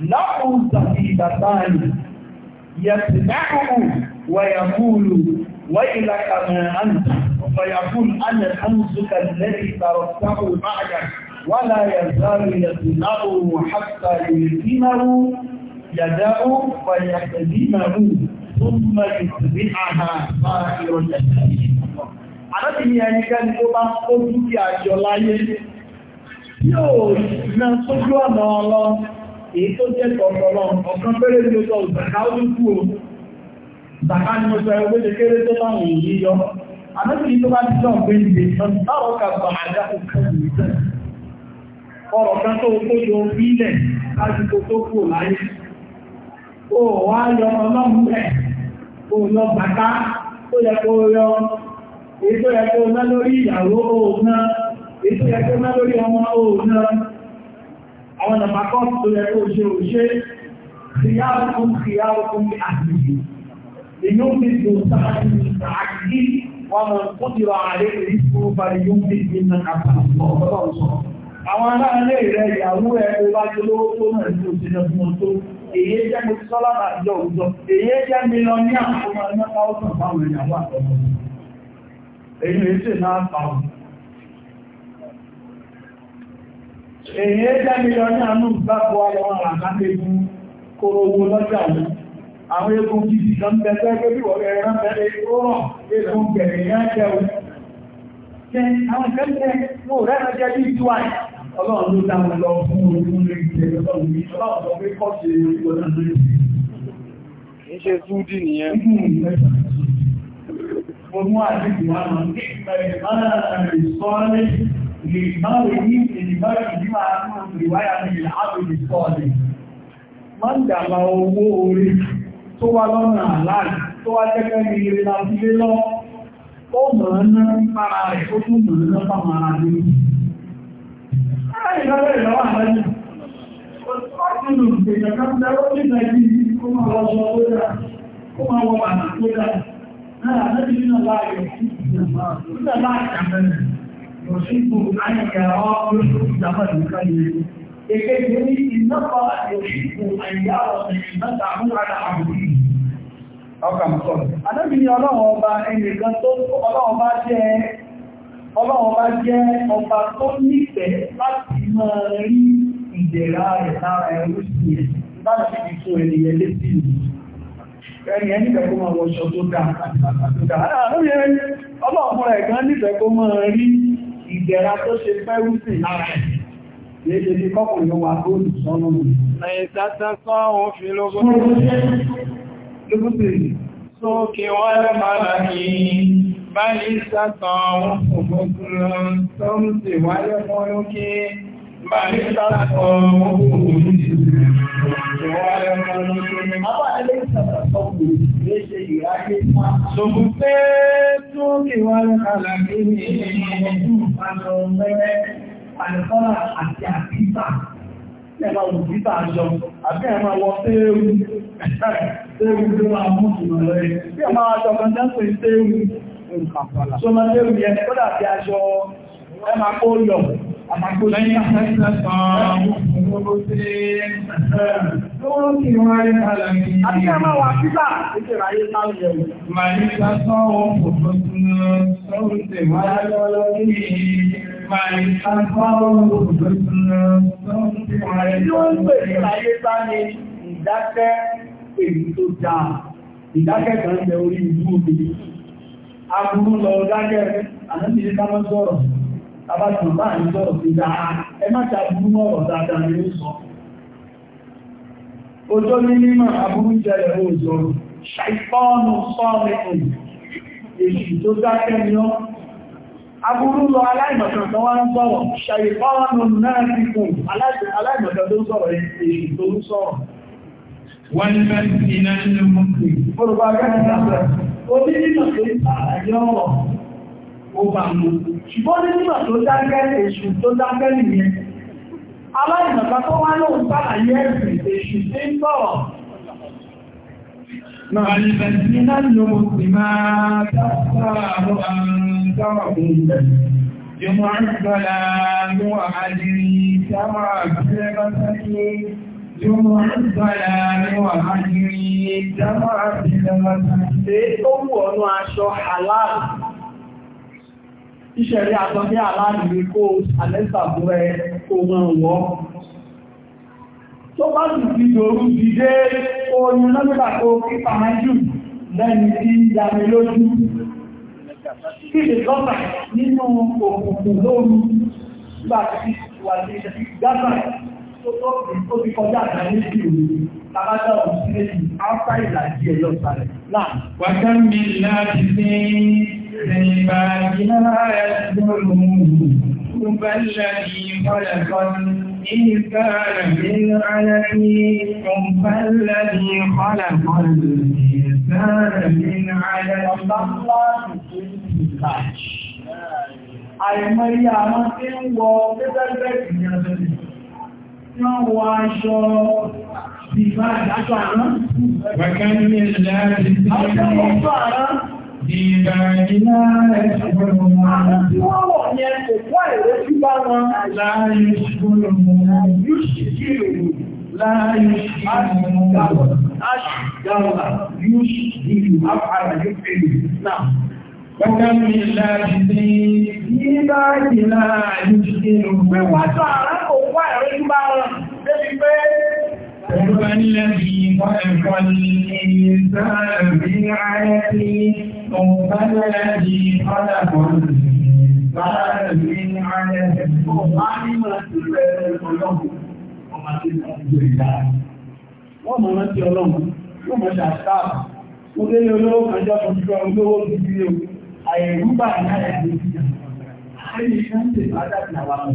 له سفيدتان يتبعه ويقول ويلك ما أنت فيقول أنا أنسك الذي تركته بعدك ولا يزال يتلعه حتى يلزمه يداه فيقدمه ثم يتبعها سائر الأسلام Àdọ́tí ni ẹnikẹ́ni tó bá kó dúkìá jọ láyé yóò na sójú ọ̀nà ọlọ́ èyí tó jẹ́ tọ̀tọ̀lọ́ ọ̀kan pẹ́rẹ́ ní ọjọ́ ìzàká ó dúkú o. Ìzàká ni mo sọ ẹgbẹ́ ṣe kéré tó láwọn èyí yọ. Àdọ́tí ni tó bá ti jọ gbé ìgbé ìtàn táwọn kàgbà àjákò kan nìyí ọ̀rọ̀ kan tó kó jọ orílẹ̀ láti tó tó kò láyé. Ó wá yọ ọlọ́run rẹ̀, ó lọ bàtá, ó yẹ kó yọ ètò ẹ̀kọ́ ná lórí ìyàwó òòrùn ètò ẹ̀kọ́ ná lórí ọmọ òòrùn àwọn ìdàpàkọ́ tó ẹ̀kọ́ òṣè òṣè kìyàwókún kìyàwókún ní àdìyí inú mi tó sáàkì àdìyí wọn mọ̀ tó ti rọ ààrẹ èrí fún parí yóò na kàtà ọ̀pọ̀lọpọ̀ àwọn aláàlẹ́ rẹ̀ ìyàwó ẹ̀ tó bá tó lówó tó náà ní òṣèlú fún ọ tó èyí jẹ́ mi sọ́lá àjọ òjò èyí jẹ́ mi lọ ní àwọn ọmọ ẹ̀mẹ́ta ọ̀sán fáwọn ìyàwó àtọ́mọ́ èyí èsè náà pàwọn èyí ẹjá mílíọ̀nì àánú gbápọ̀ àwọn àkàkẹ́gún kóró owó lọ́jà ní àwọn egun gidi kan bẹ̀rẹ̀ pẹ̀lú ọ̀rẹ́ ẹran bẹ̀rẹ̀ ìrọ̀rùn mo mú àdíkù wá lọ ní ìpẹ̀lẹ̀ márùn-ún sọ́ọ́lẹ̀ lè máa ní ìdìbáyà ìdíwà àwọn ìwáyà ní ìlàábìlì sọ́ọ̀lẹ̀ máa ń dàbà owó orí tó wá lọ́nà àláàrí tó wá jẹ́kẹ́ ní ilé lábílé lọ ó mọ̀ọ́ ná para rẹ̀ ó tún mọ̀ọ́ ná fáwọn ara ní ìlọ́lẹ̀ ìlọ́wà lẹ́yìn ó tún lù pé ìjọba Èkéjì ní ìnáfà ìrìnkú àìyáwọ̀ ìrìnmẹ́ta àmúrádà àbúrí. Ọkà mọ́sọ̀. Àdábì ni ọlọ́wọ̀ ọba ẹnìkan tó ọlọ́wọ̀ bá jẹ́ ọba tó nífẹ̀ẹ́ láti máa rí ìdẹ̀ra rẹ̀ lára ẹrú sí ẹ̀ ẹ̀yìn ẹnìfẹ́ kó máa wọṣọ tó dá ọlọ́ọ̀fún rẹ̀ gan nífẹ́ kó máa rí ìdẹ̀ra tó ṣe fẹ́rúsìn lára ẹ̀ Léṣe ti kọ́kùnrin wa tó lù sọ́nà mú. Ẹ̀yìn tàtàkọ́ òfin lógún. Lógún tèrè. Sókè wọ́n lẹ́màá kí báyìí sátọ̀ àwọn ògbógún tó ń tè wáyé fún lókè báyìí sátọ̀ àwọn ògbógún Sòkùté tó kí wá lọ́kàlà ní ọdún àjọ mẹ́rẹ́ àlẹ́kọ́lá àti àpítà. Ẹgbà òpítà àjọ, àbí ẹ̀mà wọ téèrú, téèrú tó máa mú ìmọ̀ rẹ̀. Bí ẹ̀mà àjọ kan jẹ́ pé téèrú, ṣọ́mọ́ téèrú yẹn kọ́dà bí àjọ ẹ̀mà kó yọ̀. Lẹ́yìn àtẹ́sẹ̀ kan, ó ti Lọ́wọ́ kí wọ́n rí alàmì. Àti àmà wà síta, ìṣẹ̀rà ayé táwọn yẹ̀wò. Màríta sọ́wọ́ fòfò tún sọ́wọ́ tẹ̀ wá lọ́lọ́ ní Màríta sọ́wọ́ fòfò tún sọ́wọ́ tẹ̀ wá lọ́lọ́ ní. Yóò ń pè ní ayé tá ni ìdákẹ́ èyí tó dáa, abájùmọ̀ bá ń sọ̀rọ̀ sí dáa ẹ má ta burú mọ́rọ̀ dáadáa ní sọ ojó ní mímọ̀ aburú jẹrẹ òòzọ ṣàìpọ́ọ̀nù sọ́ọ̀mẹ́kùn èṣù tó dákẹ́ ni ọ́ aburú lọ aláìmọ̀kan tó wá ń sọ̀rọ̀ ṣàìpọ́ọ̀nù náà ti kù aláìmọ̀kan tó sọ̀rọ̀ èṣù tó ń sọ̀rọ̀ wọ́n mẹ́ ìnáṣẹ́ mọ́kì ó bá mú ṣùgbọ́n ní nígbà tó dákẹ́ èṣù tó dákẹ́ nìyẹn aláìmọ̀ká tó wá lóun sàlàyé ẹ̀sìn èṣù tí ń sọ̀rọ̀ Àlìbẹ̀sìnà yóò sì máa dására àwọn àrùn-sáwà oúnjẹ. Yóò àgbàlá mú àjírí sáwà àbúrẹ́ bá sáké. Yóò àgbàlá mú àjírí sáwà àbúrẹ́ bá sáké. Ó wù ọ̀nà aṣọ halal ìṣẹ̀rí àtọ́ aláàrí kó alẹ́sàbúrẹ́ kó mọ́ wọ́. Tó bá sì ti dòrú dìde orin lọ́gbà tó kípa májú lẹ́ni tí yàmì lójú. Kíde gọ́gbà nínú òkùnkùn lóru láti wà ní ìgbàgbà tó ti kọjá àdáyé sí òru. Tàbátà لعبادها يسجدون فالذي خلق الإنسان من علم ثم الذي خلق الإنسان من علم Àìmọ̀rí àwọn tí ń wọ pẹ́pẹ́pẹ́ ìyàtọ̀ tí wọ́n wọ aṣọ ìbá ìdájọ́ àrán. Wẹ̀kẹ́ ní ilẹ̀ ìdíjẹ́ ìdíjẹ́ Ìbàrínà ẹ̀ṣùgbọ́n mọ́. Àti wọ́n wọ̀ ní ẹ̀ṣẹ̀ fún àìrẹ́ sí bá wọn. Láàrín ìṣùgbọ́n mọ́. Yóò ṣì kí èrò láàrín ìṣùgbọ́n mọ́. Aṣìdáwà yóò ṣì kí èrò àpàrà yóò pèrè náà. Ọkàn mi láti ní ìbàrínà ẹ̀ṣùgbọ́n mọ́. Pé wọ́n sọ àrákò fún àìrẹ́ sí bá wọn. Débi pé هو الذي خلق الإنسان في عيته هو الذي خلق الإنسان في عيته Wọ́n mọ̀ rántí ọlọ́run, wọ́n mọ̀ ṣàṣáà, ó lé olówó kan jọ́ fún ìjọ olówó gidi o, àyẹ̀rú bà náà ẹ̀dùn ìjọ. Àyẹ̀rú kan tèbádà ìlàwà mọ̀.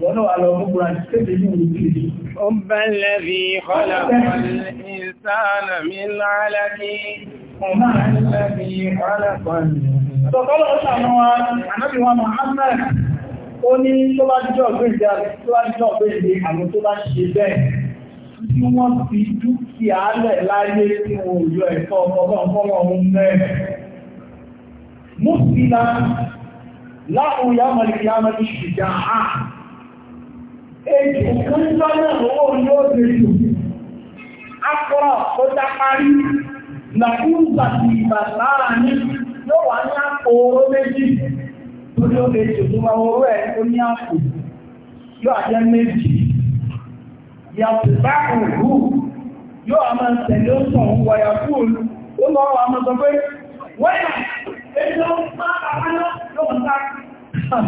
رب الذي خلق الإنسان من علك وما الذي خلق الإنسان Ó ní tó bá jíjọ́ gbéjì tó bá jíjọ́ gbéjì àwọn tó bá ṣe bẹ́ẹ̀ tí wọ́n fi dúkìá lẹ̀ láyé tí wọ́n yọ ẹ̀tọ́ ọgbọ́n fọ́wọ́ ohun mẹ́rin. Mú sí lá láàrùn yàmọ̀lì yàmọ̀lì ṣùgbọ́n èjì kan lọ́nà owó ní ó ti jù akọ́rọ̀ ó dá parí làkúùgbà ti ìgbà láàrin yóò wá ní àpò oró méjì torí ó lè jù tó máa oró ẹ̀ ó ní àpò yóò àjẹ́ méjì yàtọ̀ bá òhù yóò a máa tẹ̀lé ó sàn wọ yàtọ̀ òhù ó lọ́wọ́ a máa sọ pé wẹ́yà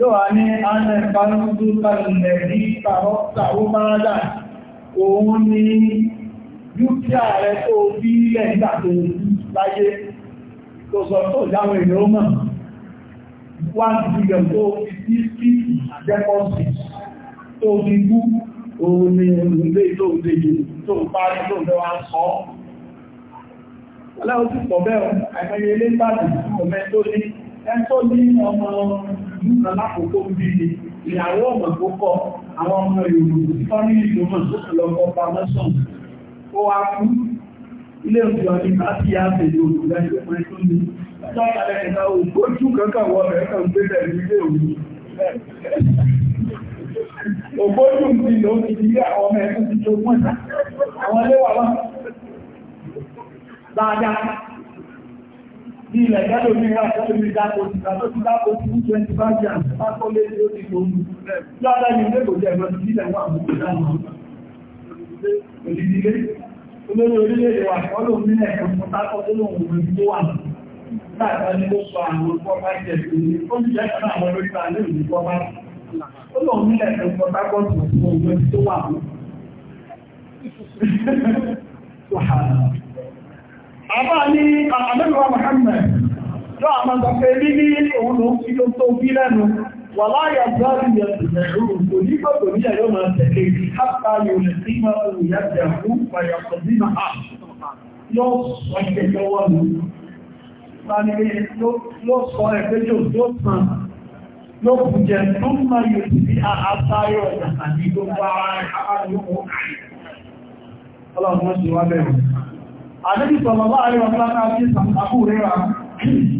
yóò wá ní anẹ́kàlùdúkàlẹ̀ ní kàrọ́ta ó máa dà òun ni dúkìá rẹ̀ tó bí ilẹ̀ nígbà tó láyé tó sọ tó jáwọn èèyàn mọ̀ one billion tó fi sí kíkì àjẹ́kọ́sì tó fi bú òun ni olùdé tó déjì tó parí tó lọ́wọ́ sọ Aláwọ̀ ti pọ̀ bẹ́ẹ̀ àìmọye ilé ń bàjẹ̀ fún ọmọ tó tó ní ọmọ ìlú kan lákòókò bí i ìyàwó ọmọ tó kọ àwọn ọmọ Yorùbá tí wọ́n ní ìlú mọ̀ tó sì lọ́kọ́ pamẹ́sàn ó wá kú ilé ìjọ ní láti yá àtẹ̀lé olùgbà ìgbẹ́ pẹ́ tó ní lọ́pàá ẹ̀ta ògbójú kankan wọ́n rẹ̀ kàn gbé bẹ̀rẹ̀ ilé òní ògbójú ti lọ sí ilé àwọn ọmọ ẹ̀kú ti tó mọ́ta àwọn ilé wà bí ilẹ̀ gẹ́lò ní ìwà ìjọ́ lórí dákò tí ìgbà tó ti dákò tí ó ti jẹ́ ìmọ̀ sí ilẹ̀ ní tó wà láàrín ó ti jẹ́ ìjọba àwọn bá ní òní fọ́pá tó wà mú àbá ní àmẹ́lúwà Muhammad yóò àmàgbàfẹ́ ní ní òun ló fi tó tó bí lẹ́nu wà láyà bọ́ọ̀lù yẹ̀rù kò ní gbogbo ní ẹ̀yọ́ máa tẹ̀lé kápá yóò lè sí máa wù yá jẹ́ fún pàyàpọ̀ kù jẹ tó máa yóò sì sí àtàyọ̀ àti gbogbo ara àwọn yóò kọ́ Ọlọ́run mọ́ sí wá bẹ̀rẹ̀. النبي صلى الله عليه وسلم قال ابو هريره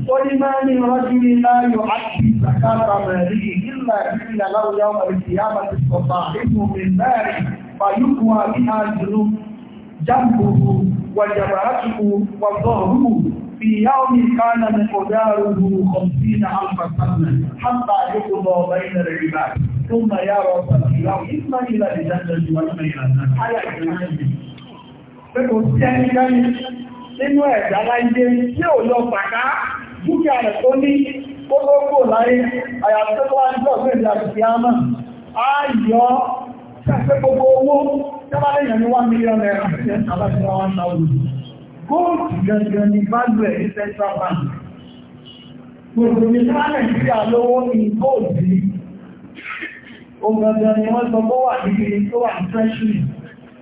قل ما من رجل لا يعطي زكاة ماله إلا إلا له يوم القيامة فصاحبه من نار فيكوى بها جنوب جنبه وجبرته وظهره في يوم كان مقداره خمسين ألف سنة حتى يقضى بين العباد ثم يرى صلى الله عليه إما إلى الجنة وإما إلى الناس pé kò sí ẹnikẹ́ni nínú ẹ̀dá láyé tí ò lọ pàká dúkìá rẹ̀ tó ní kókókó láyé àyàtọ́ gbogbo ní nàìjíríà lówó ní góòtù ní ni wọ́n sọ bó wà níbi tó wà ní treasury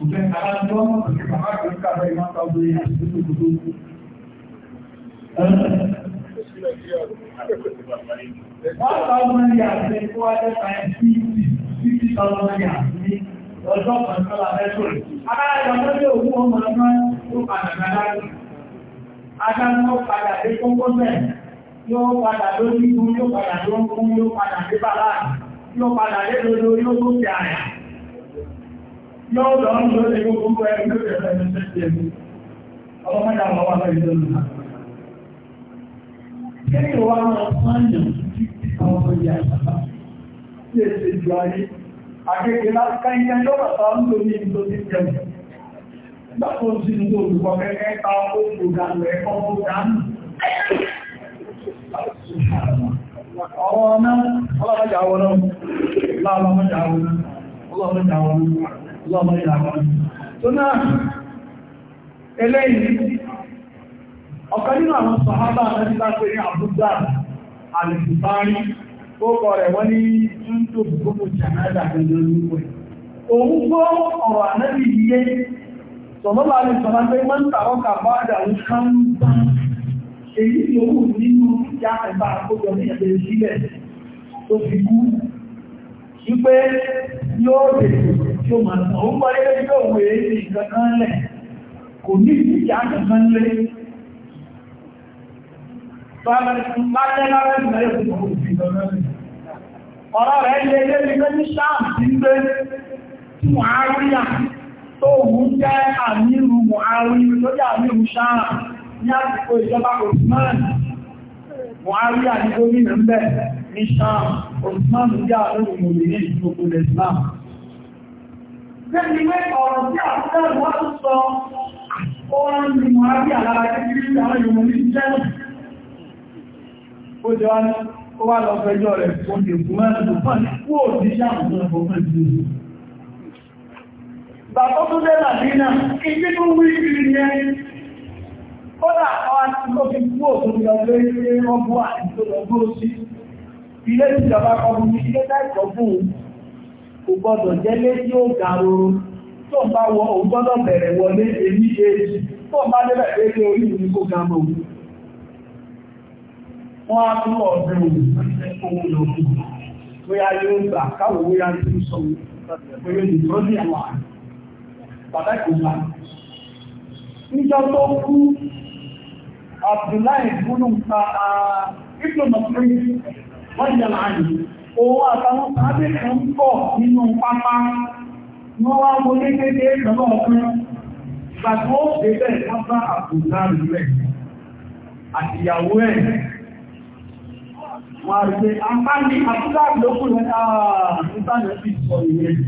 Ìjẹ́ alájọ́ ọmọ òṣèlú àwọn àgbẹ̀ká bẹ́ẹ̀ máa ta obìnrin àti ìdúkù tó kú. Wọ́n ta obìnrin yàtọ̀ ikú ajẹ́ta ẹ̀sí títí ta obìnrin yàtọ̀ ní ọjọ́ kan sọ́la mẹ́tò rẹ̀. Adájọ́ lórí òkú ọmọ ọmọ tó padà náà. Adájọ́ padà dé kókó bẹ́ẹ̀ yóò padà lórí ikú yóò padà lórí ikú yóò padà dé bàlá yóò padà dé lórí olóògbé àyà yóò lọ ń lọ sí gbogbo ẹgbẹ́ tó kẹfẹ́ ẹgbẹ́ tó ṣe ọmọ mẹ́ta àwọn wà lórí lónìí náà. Kí ìwà àwọn ọ̀sán-àyàn tí àwọn ọmọ ìyá ìsàkà sí èsì ìjọ ayé? Àkẹ́kẹ́ láti káyíká yóò bàtà ìjọ tí jẹun. Nígbà tó ń náà, ọlọ́mọdé àwọn náà, náà lọ́mọ ìlànà tó náà eléyìí ọ̀kan nínú àwọn sàhábà àti bá pé ní àbúgbà àlùfáàrí ó kọ rẹ̀ wọ́n ní ń tó gbogbo jàmẹ́dà gẹ́gẹ́ lóko òun kan bá èyí yòówù nínú yá ẹ̀bá àkójọ ní ẹ̀bẹ̀ ìsílẹ̀ tó ipe yóò dèkù tí ó máa tàn ń gbọ́ ilé tí wé ní ìkankan lẹ̀ kò ní ìsìnkà kankan lé ọ̀rọ̀ rẹ̀ ilé ilé ilé ní ọrụ ń gbé tí Muawiya tó wù jẹ́ ní àsìkò ìjọba ní gómìnà ń bẹ̀ ní Osman jẹ́ àlọ́rùn mòmí ní ìṣòkò Islam. Bẹ́ẹ̀ni wé ọ̀rọ̀ tí àtúgbẹ̀rẹ̀ wọ́n tún sọ, ó wọ́n ní Mọ̀hábí àlára kékeré àwọn ìwọ̀n ní jẹ́. Ó jọ ó wá lọ fẹjọ́ rẹ̀ fún ìfún mẹ́rin tó fà ní kú òjíṣẹ́ àwọn ọmọ ìjọba. Bàbá tó dé Làdínà, ìgbé tó wí kiri yẹn, ó dà àwọn àti ló fi kú òkú lọ ọgbọ́ àti tó lọ gbó sí ilé ìjọba kọlu ní ilé láìkọ́ fún kò gbọdọ̀ jẹ́ lé tí ó ga roro tó ń bá wọ òun gbọdọ̀ bẹ̀rẹ̀ wọlé èmi èjì tó ń bá débẹ̀ lé orí mi kó ga mọ́ wọ́n á tún ọ̀dún ohun lòkù bóyá yóò gbà káwò bóyá tí ó sọ pẹ̀lú tó kú Abdullahi Bulu pa Ibn ah, Masri wọ́n jẹ́ láàrín owó àtàwọn sàábẹ̀ kan pọ̀ nínú pápá wọ́n wá mo ní kéde ọkùnrin ìgbà ó ṣe bẹ́ẹ̀ wọ́n bá rẹ̀ àtìyàwó ẹ̀ wọ́n á rí pé apá ní àbúdá sọ ìyẹn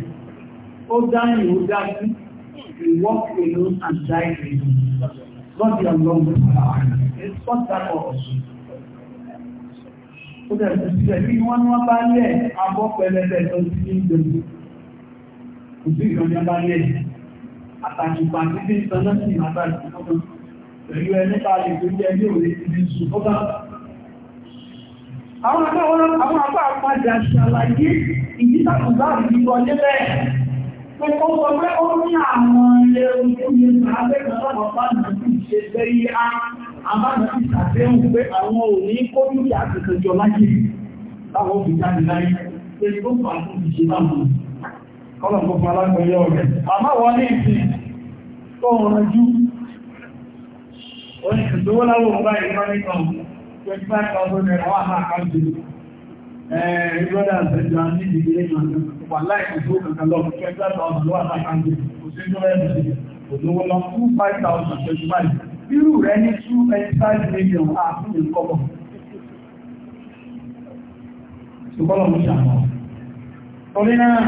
ó dẹ̀ tó sílẹ̀ bí wọ́n ní wọ́n bá lẹ̀ abọ́ pẹlẹbẹ tó ti ní gbogbo kò sí ìrọ̀lẹ́ bá lẹ̀ àtàkùnkà tí bí ìtọ́nà sí àtàkùnkà pẹ̀lú ẹni bá lè tó jẹ́ ní òní ti di sùn ó bá àwọn apá àpájà ṣàlàyé ìdítàkùnbá ìdíkọ nílẹ̀ pẹ̀kọ́ sọ pé ó ní àwọn ilé ojú ìrìnà abẹ́gbẹ̀rẹ̀ ọ̀pá nà àbájá ti ṣàdéhùn pé àwọn ò ní kó dúkìá tuntun jọ jáde láyé pé tó fà á ìṣe náà mọ̀ kọ́lọ̀ gbogbo alágbẹ̀yẹ ọ̀rẹ́ àmọ́ wọ́n ní ìsìn tó ń ranjú oní ìṣòwò láwọn ọba ìrọ́ nìkan 25,000 naira wà náà kájú ẹ̀ẹ́dọ́dà àtẹ́jọ́ ní 25,000 25,000 irú rẹ̀ ní 2.5 million ààfin ìkọ́bọ̀ ṣùgbọ́n mú ṣàmọ́ torí náà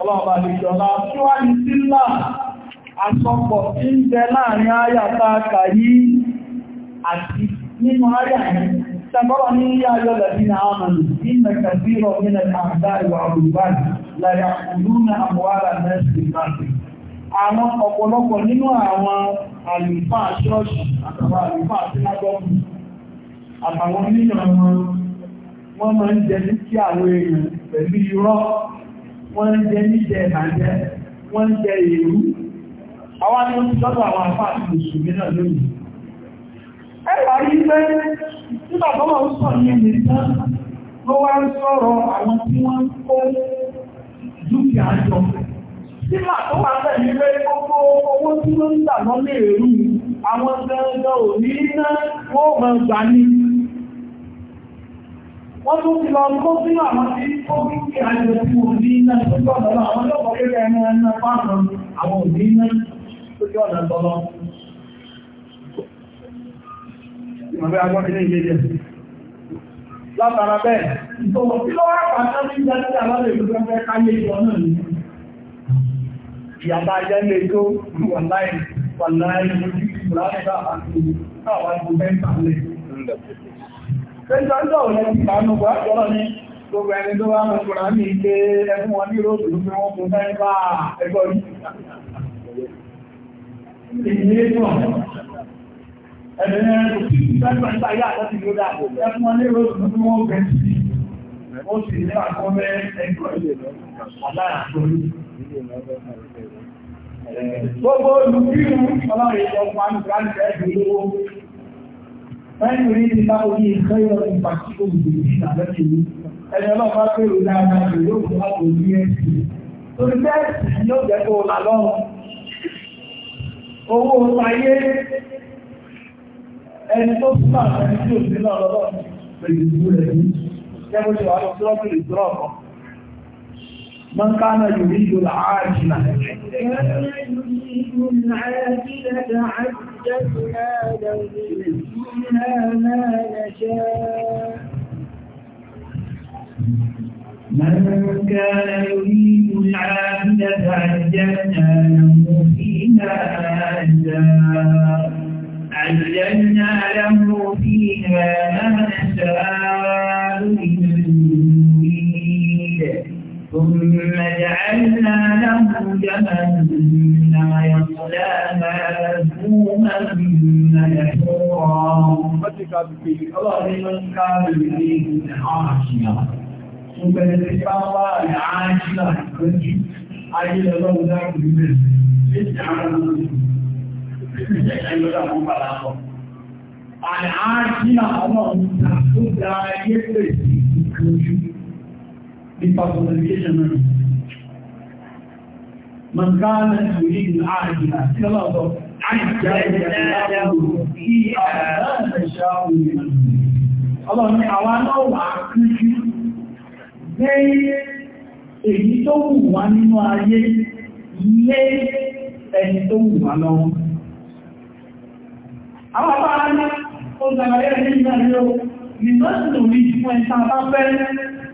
ọlọ́ọ̀bà ìjọba tí wá ní sílá àsọpọ̀ tí ń jẹ láàrin ayàta kàyí àti nínú ayà Ṣàbọ́rọ̀ ní yáyọ́ lẹ́bí na ọmọlù tí mẹ́kàbírọ̀ nílẹ̀ àgbà ìwà òrùbá láyà òlúnà àmúwárà mẹ́sì ìbáṣẹ̀ àwọn ọ̀pọ̀lọpọ̀ nínú àwọn àlùfáà ṣọ́ọ̀ṣì àtàwọn àlùfáà tí wọ́n gọ́ọ̀mù àtàwọn oníyàn wọn wọ́n máa ń jẹ ní kí àwọn èèyàn pẹ̀lú irọ́ wọ́n ń jẹ níjẹ ìbàjẹ́ wọ́n ń jẹ èrú àwọn ni ó ti lọ́dọ̀ àwọn àfáà ti mùsùlùmí náà lónìí ẹ̀rọ ayé pé nígbà tó máa ń sọ ní ẹni tán ló wá ń sọ̀rọ̀ àwọn tí wọ́n ń kó dúkìá jọ Sílà tó wà tẹ̀lú pé gbogbo owó tí ó ń dà lọ lè rú àwọn gẹ́gẹ́ ò ní iná wọ́n mọ̀ gbà ní. Wọ́n tó ti lọ kó sí àwọn tí ó bí kí àjọ tí ò ní iná tó jọ àwọn lọ́pọ̀ kékeré ẹni ẹni pàtàkì àwọn ò iná tó jọ ìyàtà ayẹ́lẹ́ tó wàláì wàláì ìrànlẹ́ta àti àwọn ìgbẹ́ta lẹ́ Ẹjọ́jọ́ òun ti kàánù bá jọ́rọ̀ ní gbogbo ẹni tó wá mọ̀ kùnrà ní ilé ẹkùn wọn ní ròdù ló fi wọ́n fún mẹ́fà ẹgbọ́ rí. Ìyé náà, ẹ̀bẹ̀ ní ẹ̀rọ tí ìfẹ́fẹ́ ń tayé àtọ́sí ló dà, ẹkùn wọn ní ròdù ló fi wọ́n bẹ̀rẹ̀ sí. Ó sì Gbogbo olùgbìrù ọlọ́rin ìjọba àmìkàlẹ̀ ìgbìlówó. Mẹ́rin rí ní táwọn ní ìkẹ́yọ̀ ìpàtí olùgbìrù ìdàlẹ́ ìlú. Ẹni ọlọ́pàá pèrò dáadáa pèrò yóò fún àpò ní ẹ̀sì. Torí bẹ́ẹ̀ sì yóò jẹ́ kó là lọ́rùn. Owó ayé ẹni من كان يريد العاجلة من كان يريد العاجلة عجلنا له فيها ما نشاء من كان يريد العاجلة عجلنا له فيها ما نشاء عجلنا له فيها ما نشاء ثم جعلنا له جهنم يصلاها مذموما مدحورا ظالما كافرين عاشرا ثم الاستقامة العاشرة عجل الله ذاك بالنسبة depersonalization náà mọ̀kánà ìwé ìlàáàdìlà tí ó lọ́tọ̀ àìjá ìjẹ́ èyí tó wù wá nínú ayé lé ẹni tó wù wá lọ́wọ́. Àwọn apá ní ó gbàgbà yẹ́ ní ìgbàlẹ́ o, ìgbàlẹ́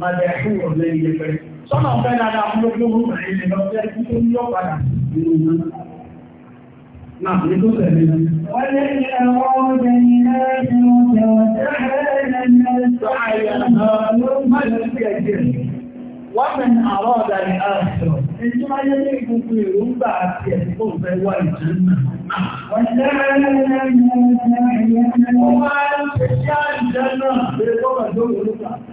màdẹ̀kúrò lẹ́yìn ẹgbẹ́. Sọ́nà ọ̀fẹ́ dáadáa fún lókè orú ìrìn lọ sí ẹkùn tó ní ọ̀padà nínú wọn. Náà ní tó tẹ̀lé náà. Wọ́n lé ní àwọn ọmọdé ní láti ọjọ́ ọjọ́ ẹ̀rẹ́ lẹ́sọ̀ àyànà ló má lọ sí ẹ̀jẹ̀. Wọ́n mẹ́ ní àwọn ọ̀dà ní àṣọ. Èyí máa yẹ ní gbogbo èròǹgbà àti ẹ̀sìn tó fẹ́ wà ìjọ́nà. Wọ́n lé ní àwọn ọmọdé ní láti ọjọ́ ẹ̀rẹ́ lẹ́sọ̀ àyànà ló má lọ sí ẹ̀jẹ̀.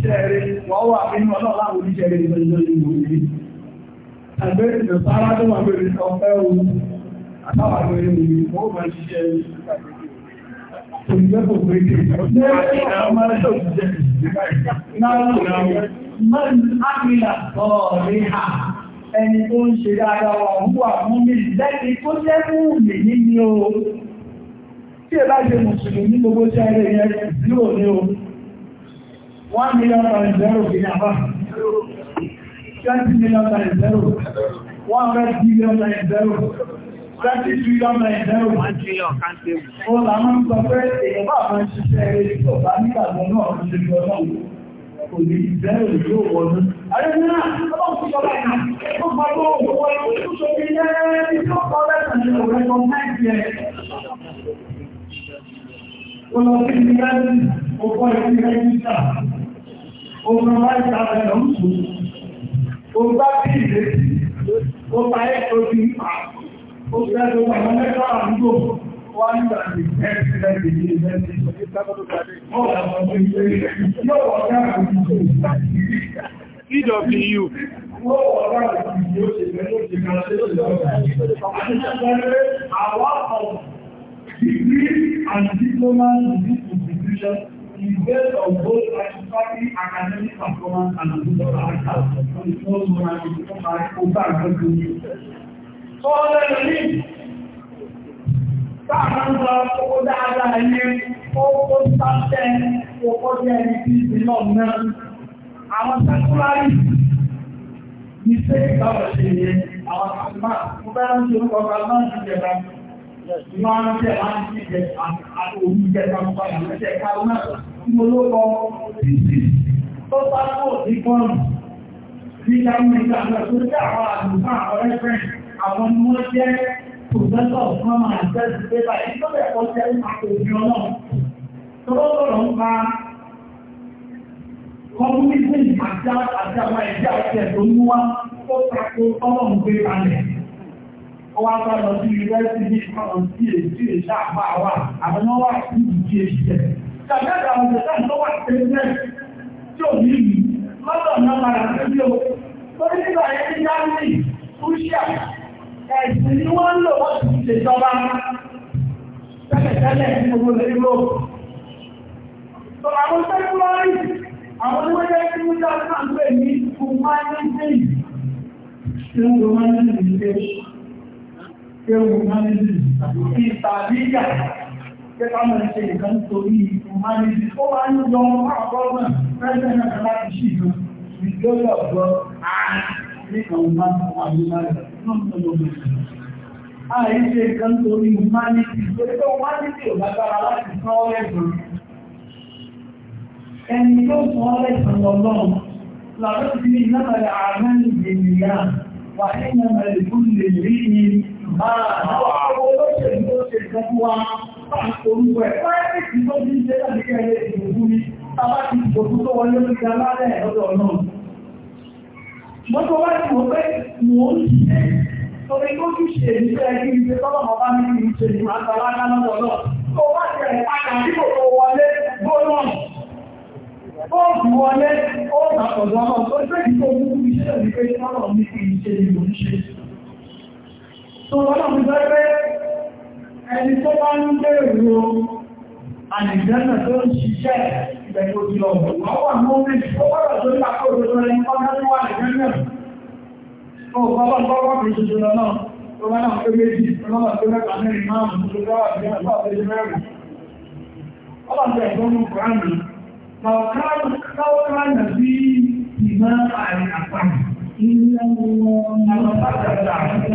oníṣẹ́ rẹ̀ wọ́n wà nínú ọlọ́lá oníṣẹ́ rẹ̀ nínú ìlú ìlú àgbẹ̀rẹ̀ ìlú sára tó wà lórí ọ̀fẹ́ ohun àtàwà lórí ìlú mọ́ máa ṣiṣẹ́ Òyìnbẹ́kò pé kí ní ọmọ ẹ̀ṣọ́ ìjẹ́ ìjẹ́ ẹni tó ń ṣe dáadáa wà ń wà mú mi lẹ́ni tó jẹ́ mú mi nínú o tí ẹ bá jẹ mùsùlùmí gbogbo ṣẹ́rẹ̀ yẹn zero ní o 1 million times zero, in Abba, 20 million times 0, 100 billion times zero, 30 trillion times zero. Ó làmọ́ sọ pé èèyàn àwọn ṣiṣẹ́ eré tó bá nígbàgbọ́ náà ń ṣe ọlọ́run. Kò ní ìbẹ̀rẹ̀ yóò wọ́n. Àrẹ́gbẹ́ náà, ọlọ́run ti sọ lẹ́ka, ó gbà tó òwò wọn, ó tún ṣe ní ẹni tí ó kọ́ lẹ́sàn ní ọ̀rẹ́ kan náà jẹ́. Ó lọ sí ilé ẹni, ó Ogun láì sára ẹ̀nà ń sùn. O bá bí ìrètí, o bá ẹ̀ tó ti ń pa. O fẹ́ lo àwọn mẹ́ta àdúgbò. Wọ́n ń gbà ní ẹ̀ẹ́dẹ́gbẹ̀rẹ̀ ní ìrẹsì. Ó làwọn ọmọ ìgbé yóò wọ̀ ká àdúgbò EW. Wọ́n wọ̀ ká àdúgbò yóò ṣe mẹ́lò ṣe kan ṣe lọ́wọ́. Àwọn of degree and diploma in this institution is based on both satisfactory academic performance and physical character on the first one and the second part over and over again. So ọ̀rẹ́ rẹ̀ ní sáàmà ń sọ owó dáadáa ní owó sáfẹ́ owó jẹ́ ẹni tí ìdí náà náà àwọn sẹ́kúlárì ní sẹ́kúlárì ṣe yẹn àwọn kàlùmá mo fẹ́ràn tí orúkọ kàlùmá ń máa ń tẹ̀ wá ní ìjẹ àti oúnjẹ pàmòpàdà lẹ́sẹ̀ káwọn náà tí mo ló kọ títí tó bá kó ní bọ́ọ̀lù ní gámìnà náà tó jẹ́ àwọn àdùnkà ọ̀rẹ́ fẹ́ àwọn ni wọ́n jẹ́ pòfẹ́sọ̀ fọ́mà ìjẹ́sì pépà ẹni tó bẹ̀ kọ́ jẹ́ àkòjọ náà tó bọ́ àti àwọn mú wá ó tako ọlọ́run gbé kalẹ̀ wá bá lọ sí yunifásitì ní ìkọ̀ràn sí èsì èsì àpá wa àwọn ọmọ wa sí ìdí èsì ẹ̀. Ṣàbẹ́ẹ̀dà àwọn ìjọba tó wà tẹ́lẹ̀ tí ò ní ìlú lọ́dọ̀ náà padà sí o. Torí nígbà yẹn ní Germany, Russia, ẹ̀sìn ni wọ́n ń lò wọ́n ti ṣèjọba tẹ́lẹ̀tẹ́lẹ̀ ní gbogbo lórílò. So àwọn sẹ́kúlọ́rì, àwọn oníwẹ́jẹ́ tí wọ́n dá sáà ń pè ní humanity. Ṣé wọ́n máa ń ewu humanity kí tàbíyà pé káwọn ṣe nǹkan torí humanity ó wá ń yọ àkọ́gbọ̀n president náà láti ṣì yọ ìjọba ọ̀gbọ́n nípa humanity àyíkáyà náà ń lọ lọ àìṣe nǹkan torí humanity torí pé humanity ò lágbára láti sọ ọ́ ẹ̀sán ẹni tó sọ ọ́ ẹ̀sán lọ́lọ́run ti ní ìlànà àárín ènìyàn wà nínú ẹ̀kú lè rí ní Àwọn olóṣèlú tó ṣe láti kẹ́lẹ̀ ìgbòkú ni, tàbá ti ìgbòkú tó wọlé ló ti alálẹ̀ ọ̀dọ̀ náà. Mọ́tò wá ti wọ́n pé mò ń ṣe torí tó ti ṣe tó wọ́n lọ́pẹ́ ẹni tó bá ń bẹ̀rù àdìjẹ́nà tó ń ṣiṣẹ́ ìbẹ̀rù ojú ọ̀gbọ̀n wọ́n mú ní ọwọ́rọ̀ tó ní àkóòrò tó rẹ̀ ń kọ́ náà wà àdìjẹ́nà ó bọ́bọ́ bọ́bọ́ kìí ṣoṣo lọ náà tó bá náà pé méjì ọlọ́wọ́ tó mẹ́ta mẹ́rin márùn-ún tó lọ́wọ́ àdìjẹ́nà tó àfẹ́jẹ́ mẹ́rin ọlọ́pẹ́ ẹ̀gbọ́n mú kùránì kọ́ọ̀kọ́ nà bí ìmọ̀ àrìn àpá ìlànà àwọn pàtàkì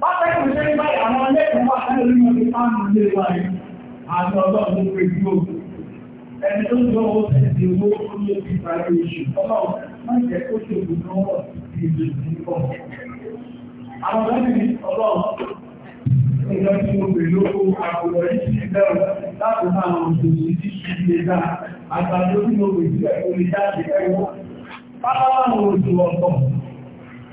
Bátẹ́kùn ṣe ń báyìí àwọn ẹlẹ́kùn wà ní orí ọdún márùn-ún lè wà ní àti ọjọ́ ọdún pé bí ó. Ẹni tó ń lọ ó ti di owó orí ojú ìparí oṣù ọlọ́run máa ń jẹ́ kó ṣe òkú náà wọ̀ sí ìlú ìbọ̀. Àwọn ọlọ́run ọlọ́run ìjọ tí mo pè lóko àkùrọ̀ yìí ti bẹ̀rù láti máa ń lò sí ti ṣe ilé dáa. Àgbàdo tí mo pè sí ẹ̀kọ́ lè jáde ẹ̀wọ̀. Bábá wà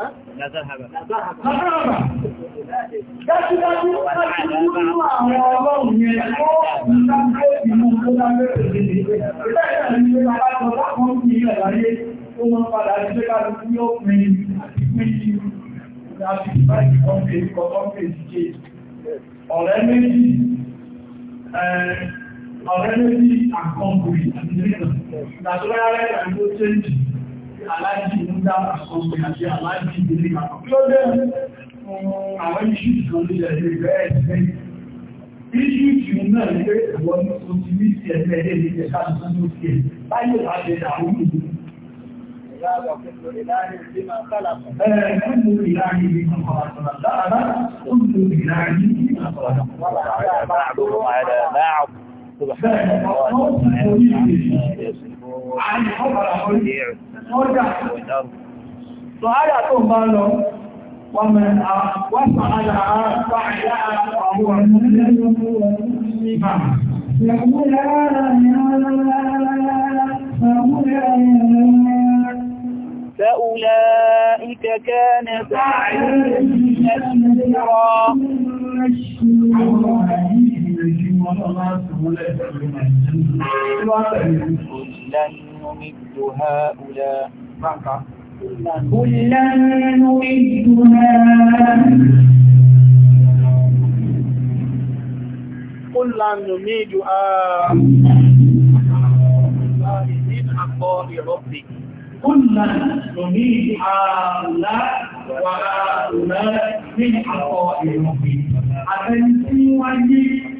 La zahaba. Dájúdájú láti nínú àwọn ọlọ́run yẹn tó aláìsí ń dá àkọsí àti aláìsí ìdílé àkọsílódé àwọn iṣu kan ní ẹ̀rẹ́ bẹ́ẹ̀ sí iṣu jù náà ní pé ìwọ ní o ti ní ti ẹ̀rẹ́ ẹ̀rẹ́ ní ẹ̀ka tuntun tó ti ẹ̀ láyé bá ṣe dàrú nìyí. Ẹ̀ẹ́dùn ìlànà ìbí kan kọ̀ọ̀kan lára, ó ń lo ìlànà ìbí kan kọ̀ọ̀kan. سؤال أكون بالهم ومن وفعل فعلاء فهو المسلم والمسلمة يقول لا لا لا لا لا لا لا لا فأولئك كان فاعلين كثيرا كلا نمد هؤلاء كلا نمد كلا نمد كلا نميد هؤلاء وهؤلاء من عطاء ربي أتنسي وجهك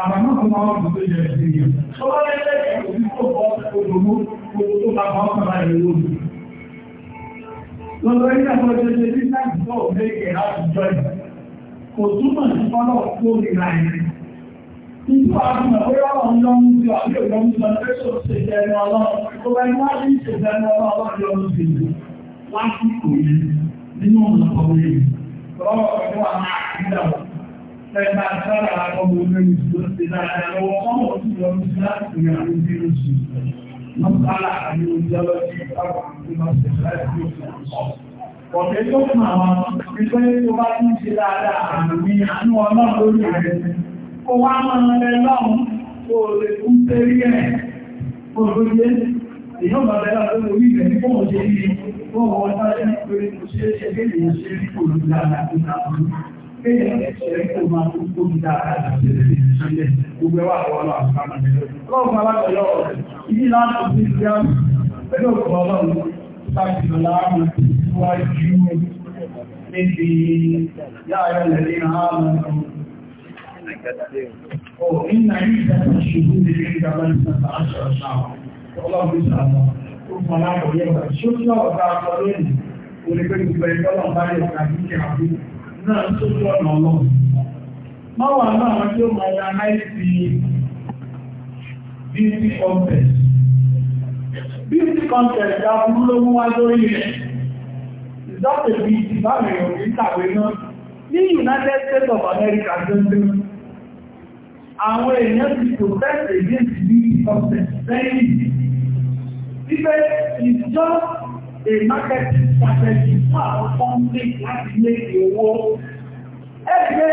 àgbàmọ́ kan máa wọ́n tó yẹ ẹ̀sìn yẹn. Ó bá lẹ́lẹ́ ìwòsí tó bọ́ òdòdó gbogbo tó bá bá ọ̀sán láì lówó. Lọ́dọ̀ ilé àwọn ọjọ́ ṣe ní láti bọ́ òun léèkè láti jọ ẹ̀. Kò túmọ̀ sí fọ́lọ̀ tó nira ẹ̀. Ìjú àwọn ọ̀pẹ́rẹ́ ọ̀rọ̀ ń lọ ń bí àbí òun ń lọ pé sọ ṣe jẹ́ ẹni ọlọ́run. Tó bá ní wá sí ìṣèjẹ́ ẹni ọlọ́run lọ́dún sí ìlú. Lásìkò yẹn nínú ọ̀nà ọ̀rẹ́ ẹgbà sára ọmọ olórin ìdúró ti dáadáa lọ́wọ́ ọmọ òsì lọ sí láti rìn àwọn ibi oṣù mọ́sálà àmì òjọ́lọ́jì ìpapọ̀ àti lọ́sẹ̀ láti ọ̀pẹ̀ tó fún àwọn ìpẹ́ tó bá tún ṣe dáadáa àmì àánú ọlọ́run lórí rẹ̀ kó wá máa rẹ lọ́run kó o lè kún sérí ẹ̀ kó o lóye èyí ò bá ṣe rí ṣe kéde ìṣe rí kò lóye àgbà kéèyàn ṣe kó máa ń kó ní dáadáa àwọn ọlọ́ àǹfààní rẹ̀. lọ́wọ́ alákọ̀ọ́yọ́ ọ̀rẹ́ yìí láti fi ṣe àmì pẹ̀lú ọlọ́run láti lọ láàmú ní ìjọba ìsọ̀tà náà sójú ọ̀nà ọlọ́run. Má wà náà wọ́n tí ó máa ya náìsí beauty contest. Beauty contest ya fún lówó wá lórí rẹ̀. Ìjọ́pẹ̀ bí ìbáwẹ̀ òní tàwé náà ní United States of America gbẹ́gbẹ́. Àwọn èèyàn ti protest against beauty contest lẹ́yìn. Ibẹ̀ ìjọ́ a marketing strategy fún àwọn company láti lé owó. Ẹ gbé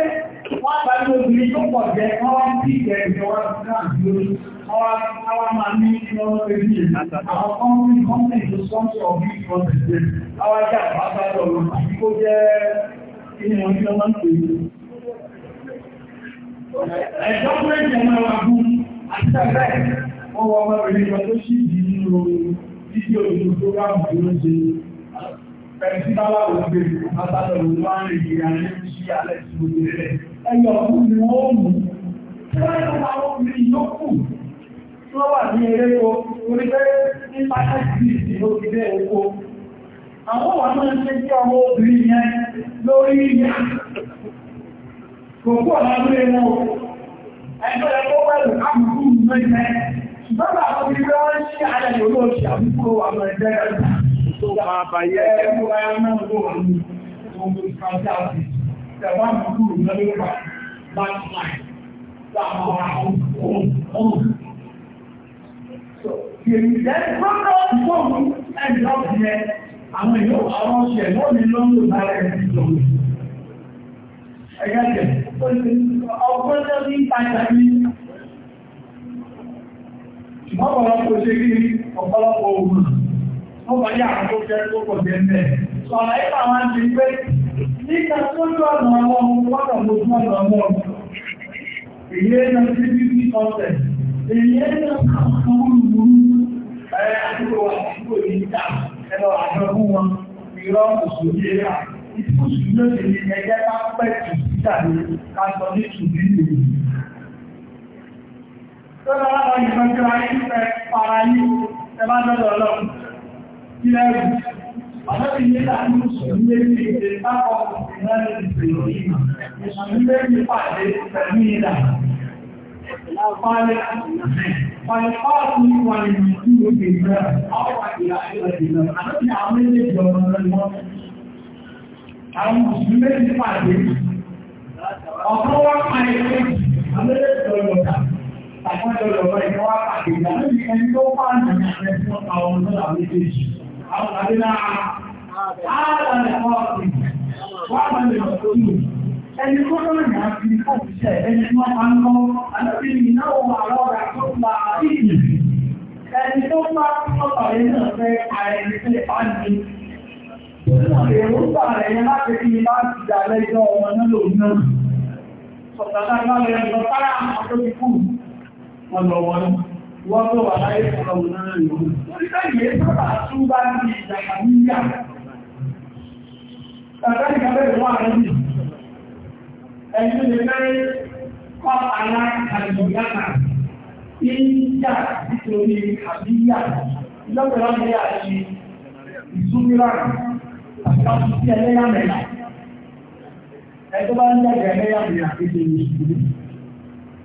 wọ́n bá ní obìnrin tó pọ̀ jẹ́ wọ́n ń bí ìjẹ́ ìjọba káàkiri lórí. Àwọn máa ní ìlọ́wọ́ ẹbí àwọn company company tó sponsor of this project. Àwọn ajá àbájáde ọ̀rọ̀ àti kó jẹ́ inú wọn tí wọ́n máa ń pè é. Ẹ̀jọ́ pé ìjọba wà fún àti àbẹ́ wọ́n wọ́n wọ́n rẹ̀ tó ṣì fídíò ìlú prógámù tí ó ń ṣe pẹ̀lúsíbáwà ògbè látàlọ̀ olúwárin ìrìn àrẹ ń ṣí alẹ́ tí ó tẹ̀lẹ̀ ẹ̀yọ̀ ọ̀pù ni wọ́n mú tí wọ́n yẹ́ nípa obìnrin yókù tí wọ́n wà ní eréko onígbẹ́ ní pàtàkì ìdí ló fi dé oko àwọn wà náà ṣe kí ọmọ obìnrin yẹn lórí ìyá kò pọ̀ lábúlé wọn ẹgbẹ́ ẹgbẹ́ pẹ̀lú àbùkù mẹ́fẹ́ Bọ́lá àwọn ibi wọ́n ṣí àyàyè olóòṣì àbúkò àwọn ẹgbẹ́ ẹgbẹ́ tó máa bàyẹ̀ ẹgbẹ́ wáyé náà lóòrùn ohun ìkàjáàtì, tẹ̀wọ́n mú kúrò lọ́lọ́pàá, bá ń láì, láàmọ́ àwọn ohun ọ̀hún. Àwọn èèyàn àwọn ọ̀ṣẹ̀ wọ́n ni lọ́nà lára ẹ̀sìn lọ́wọ́. Ẹ̀yẹ́ jẹ̀, ọgbọ́n lọ́rí ìpàdé Ọ gbara ṣe rí ọ̀pọ̀lọpọ̀ kwa wọ́n bá ahụ tó jẹ́ dị pọ̀ so na sọ̀rọ̀ yìí máa ń di pé nígbà ọmụ ọmụ ọ̀nà àwọn ọmọ wọ́n mọ̀ tó ọ̀nà na ọmọ èyí ndị tó lọ́wọ́ lọ ìbọn tí wọ́n ń fẹ́ para yí ẹbá lọ́dọ̀ ọlọ́run ilẹ̀ ẹ̀rù ọ̀sọ́bí ní láti mùsùlùmí méjì ìdè pápọ̀ ìrìnlẹ̀ ìpèlò ìmọ̀ mùsùlùmí méjì pàdé pẹ̀lú ìlà Fàlẹ̀ fáàtì wà ní ìlú òkè ìgbà, àwọn àkìlà ìlẹ̀ ìlú, àti àwọn ilé ọ̀pọ̀ wá pàdé, àwọn ilé ìjọba lọ́wọ́ àkọ́jọ́lọ́wọ́ ẹ̀kọ́ wá pàdé ìdáná ní ẹni tó pààyàn ní àrẹ fún àwọn ọmọ náà méjèèjì. Àwọn àdé náà ààrẹ ẹ̀kọ́ ọ̀sìn wá pàdé ọ̀sọ́nù. Ẹni tó lọ́nà ní àfi ọ̀sẹ̀ ẹni tó máa ń lọ àti ìnáwó àlọ́ra tó gba ìlú. Ẹni tó bá ọ̀pàdé náà fẹ́ àìrí sí pàdé. Èròǹgbà rẹ̀ yẹn láti fi láti dà lẹ́jọ́ ọmọ náà lòun náà. Sọ̀tàdá wọ́n lọ wọ́n wọ́n lọ wà láyé ọ̀rọ̀ náà yóò lórí láyé sábà tún bá ní ìjàmbá níyà tàbí ìgbàbẹ̀rẹ̀ wà lórí ẹni lè mẹ́rin kọ́ àlá àìmọ̀gánà ìjà nítorí àbíyà lọ́pẹ̀lọpẹ̀ àti ìsúnmíra àti ẹlẹ́yàmẹ̀lá ẹgbẹ́ bá ń jẹ́ ẹlẹ́yàmẹ̀lá ìdè ìṣúlẹ̀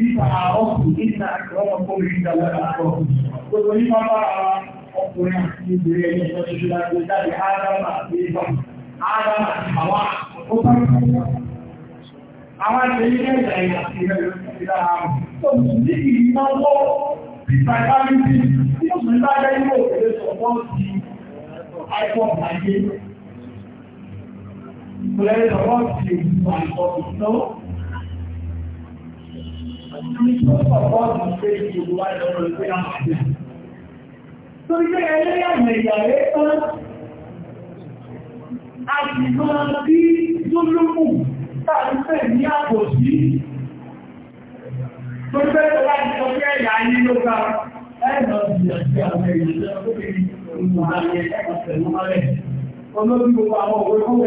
nípa ọkù nípa ọkùnrin ìdàgbà àpọ̀. Gbogbo nípa bá ọkùnrin àti ìbèrè ẹni ẹ̀sọ́ láti jáde ádámà àti ìbá. Ádámà àti àwọn ó bá Àwọn àti ẹni ẹ̀dà ẹ̀yà àti ìrẹ̀lẹ̀ ìdá àrùn. Tó ní ìdí máa wọ́ pípa ìbáríbí tí ó sì ń bá jẹ́ ìwò òkèlè sọ̀pọ̀ sí àìpọ̀ àyè. Ìpìlẹ̀ sọ̀pọ̀ sí ìgbà ìpọ̀ Torí pé ẹlẹ́ àmì ìyàwó tán, a sì máa bí lólókù tàbí pẹ̀ ní àpò sí. Torí pé ọlá ìjọ pé ẹ̀yà ayé ló ga ẹ̀nà ìyàjẹ́ àwọn ìyàjẹ́ ọkùnrin ìrìnà ayẹ ẹ̀kọ̀ọ̀sẹ̀ lọ́mọ́lẹ̀. Ọlọ́bí gbogbo àwọn òwe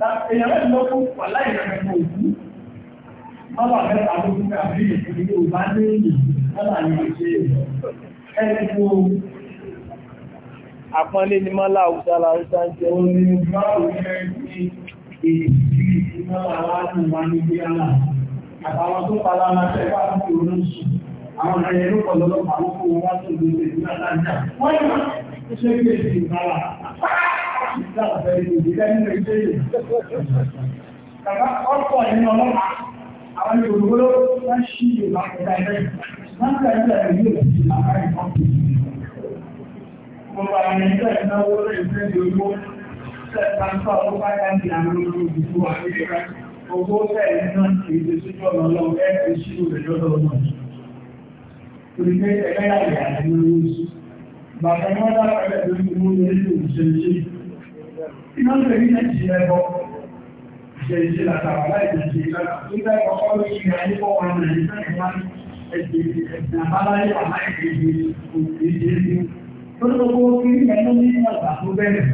èèyàn mẹ́rin ló fún wà láì rẹ̀ mọ̀ òkú mọ́lá mẹ́ta ló fún àbí ìpínlẹ̀ òbá ní èyí mọ́lá ní ìṣe ẹni tó àpọ́nlé ni mọ́lá òṣà làrúsá ń jẹ́ ó ní báwo ní ẹni èyí tí mọ́lá wá ní wà ní ilé ìgbà láàbẹ̀ ìdòdì lẹ́nu àwọn Yorùbá ló wọ́n ṣí Yorùbá ẹgbẹ́. Wọ́n ń tẹ̀lé ẹ̀rí yóò ti máa ń kọ́. Gbogbo àwọn ẹgbẹ́ ìnáwó rẹ̀ ń tẹ̀lé owó. Sẹ́ẹ̀ta ń sọ owó bá yá ẹgbẹ́ yàrá ẹgbẹ́ tó iná ń bẹ̀rẹ̀ ní ẹ̀jì ẹbọ ṣe ìṣe làtàwà láìsí ìṣe lára tó dá ọkọ̀ lórí ilẹ̀ ayé fọ́ wọn rẹ̀ ní sẹ́yìn wá ẹ̀jì ẹ̀sìn àbáláyé wà láì kéde òkèèjì ẹ̀sìn tó ní gbogbo kí ní ẹnu ní ọ̀gbà tó bẹ̀rẹ̀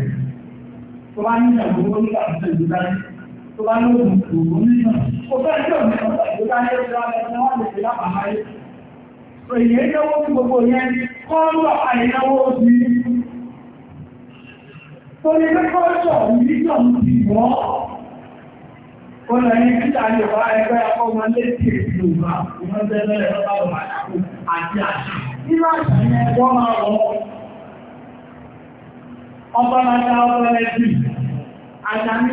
tó bá ní ìyàwó ó ní tó ní pé kọ́ṣọ̀ ìlíjọ̀ ti wọ́ ó lọ ní títà yorùbá ẹgbẹ́ ọmọ létí yorùbá ọmọ tẹ́lẹ̀ lọ́pàá àti àṣà nínú àṣà ní ẹgbọ́n máa wọ́ ọba ọba lẹ́tí àṣà ní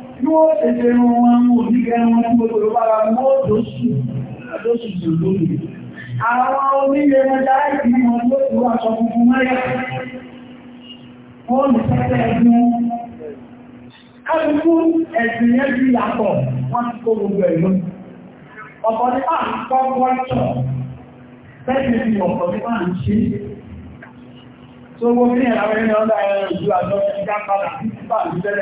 yóò tẹ̀tẹ̀ wọn wọn mú oníkẹ́ wọn gbogbo ìpára mọ́ọ̀dọ́sù àdọ́sù lórí àwọn onílẹ̀ wọn dáìkì wọn ló ti wà sọ funfun mẹ́rẹ̀ wọ́n lè tẹ́tẹ̀ ẹgbẹ́ kálukú ẹ̀sìn yẹn ti yàtọ̀ wọ́n ti kó gbogbo ẹ̀ lónìí ọ̀pọ̀ ní máa ń kọ́ wọ́ọ̀tọ̀ tẹ́sí ti ọ̀pọ̀ ní máa ń ṣe tó gbogbo ní ẹ̀rọ ẹ̀rọ ẹ̀rọ ìjú àjọ ẹ̀ká padà sí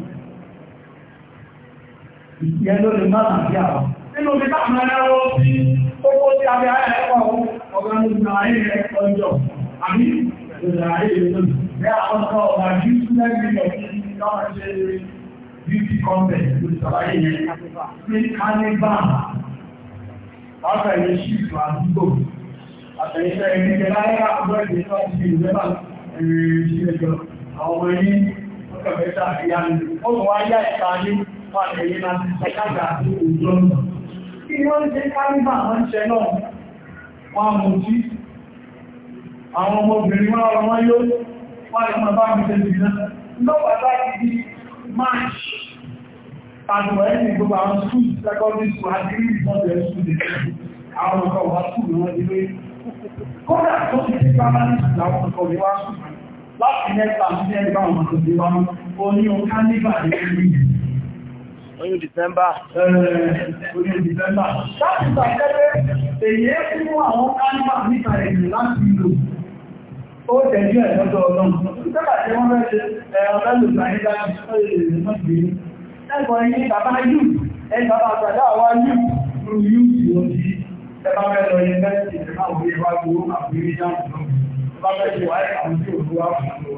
ìyẹn ló lè má tàbí àwọn. Nínú bí káàmù ẹlẹ́rọ sí kókó sí abẹ́ ẹ̀kọ́ ọ̀gá ní ìgbà ayé ọjọ́ àbí ìgbà ayé lónìí. Ní àwọn ọ̀gá ọ̀gá yìí tún lẹ́gbẹ̀ẹ́ ọ̀gbìn ní ọ̀gá ṣe beauty contest lórí pàtẹ yìí máa ẹ̀kàgbà òjò ọ̀nà. Kí ni wọ́n jẹ́ káríbà wọ́n ń ṣẹ náà? Wọ́n mú sí. Àwọn ọmọbìnrin wọ́n rọ wọ́n yóò wọ́n lè máa bá mi tẹ́ sí náà. Lọ́pàá láti di March, àdùwọ̀ ẹ̀yìn gbogbo àwọn school secondary school àti ilé ìtọ́jú school dé. Àwọn ọkọ̀ wá school wọn ilé. Kódà tó ti ti primary school àwọn ọkọ̀ wá school oyún dìsẹ́mbà eh, oyún dìsẹ́mbà láti sàkẹ́lẹ́ èyí fún àwọn kánìmà níta èyí láti lò ó tẹ̀lú ẹ̀ lọ́dọ̀ ọlọ́run ìjọba tí wọ́n fẹ́ ṣe ẹ̀rọ lẹ́lò ìgbàyíká ẹ̀kọ́ yìí bàbá yìí ẹ̀kọ́ àgbàdá wa yìí ló yìí tí ó ti ẹ̀bá fẹ́ lọ yẹ mẹ́sì ẹ̀bá òwe wá gbó àbúrí náà lọ́wọ́ bá fẹ́ ṣe wáyé àwọn tí ò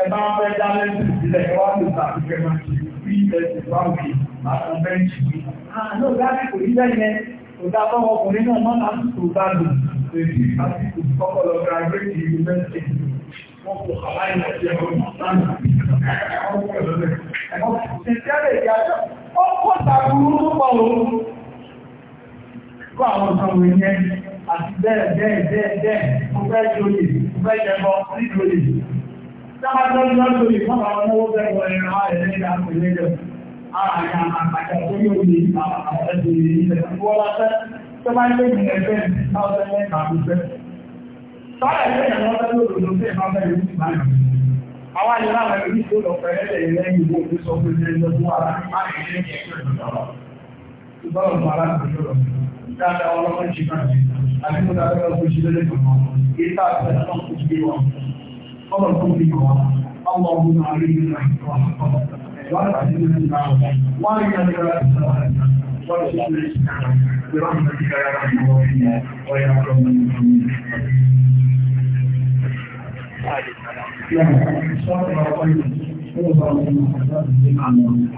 ẹ̀bá fẹ́ dá lẹ́sìn sílẹ̀ wá ló tàbí kẹma ti rí ẹ̀sìn báwùkì àti bẹ́ǹkì mi. àánú láti kò ní lẹ́yìn kò dá ọkùnrin náà mọ́ láti tó bá lò lèdí àti kò kọ́kọ́ yunifásitì wọn kò kàwá ìlà jẹ́ ọmọ sáà ẹ̀kọ́ ìṣẹ́lẹ̀ àwọn ọ̀sán ìyẹn àti bẹ́ẹ̀ bẹ́ẹ̀ bẹ́ẹ̀ bẹ́ẹ̀ mo fẹ́ jẹ́ oyè mo fẹ́ jẹ́ bọ́ nídìí oyè Tábàtọ́ ní wọ́n tó ìfọ́n àwọn ọmọ ọgbẹ́ ìwọ̀n ẹ̀rọ ẹ̀rẹ́ ìdá àpẹẹrẹ rẹ̀. Ara ni àpàtà tó yóò ní àwọn ẹ̀sẹ̀ ilẹ̀ ìfowópamọ́sẹ́ tó bá ń lé ní ẹgbẹ́ ìfowópamọ́sẹ́ mẹ́ta àbúfẹ́. Sọ́ọ̀rọ̀ ọmọ tó fi kọ́ ọmọ ọdún àríwá ìrìnàjò wọ́n àti ìrìnàjò wọ́n rí ẹgbẹ̀rẹ̀ ìrìnàjò wọ́n rí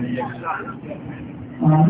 ẹgbẹ̀rẹ̀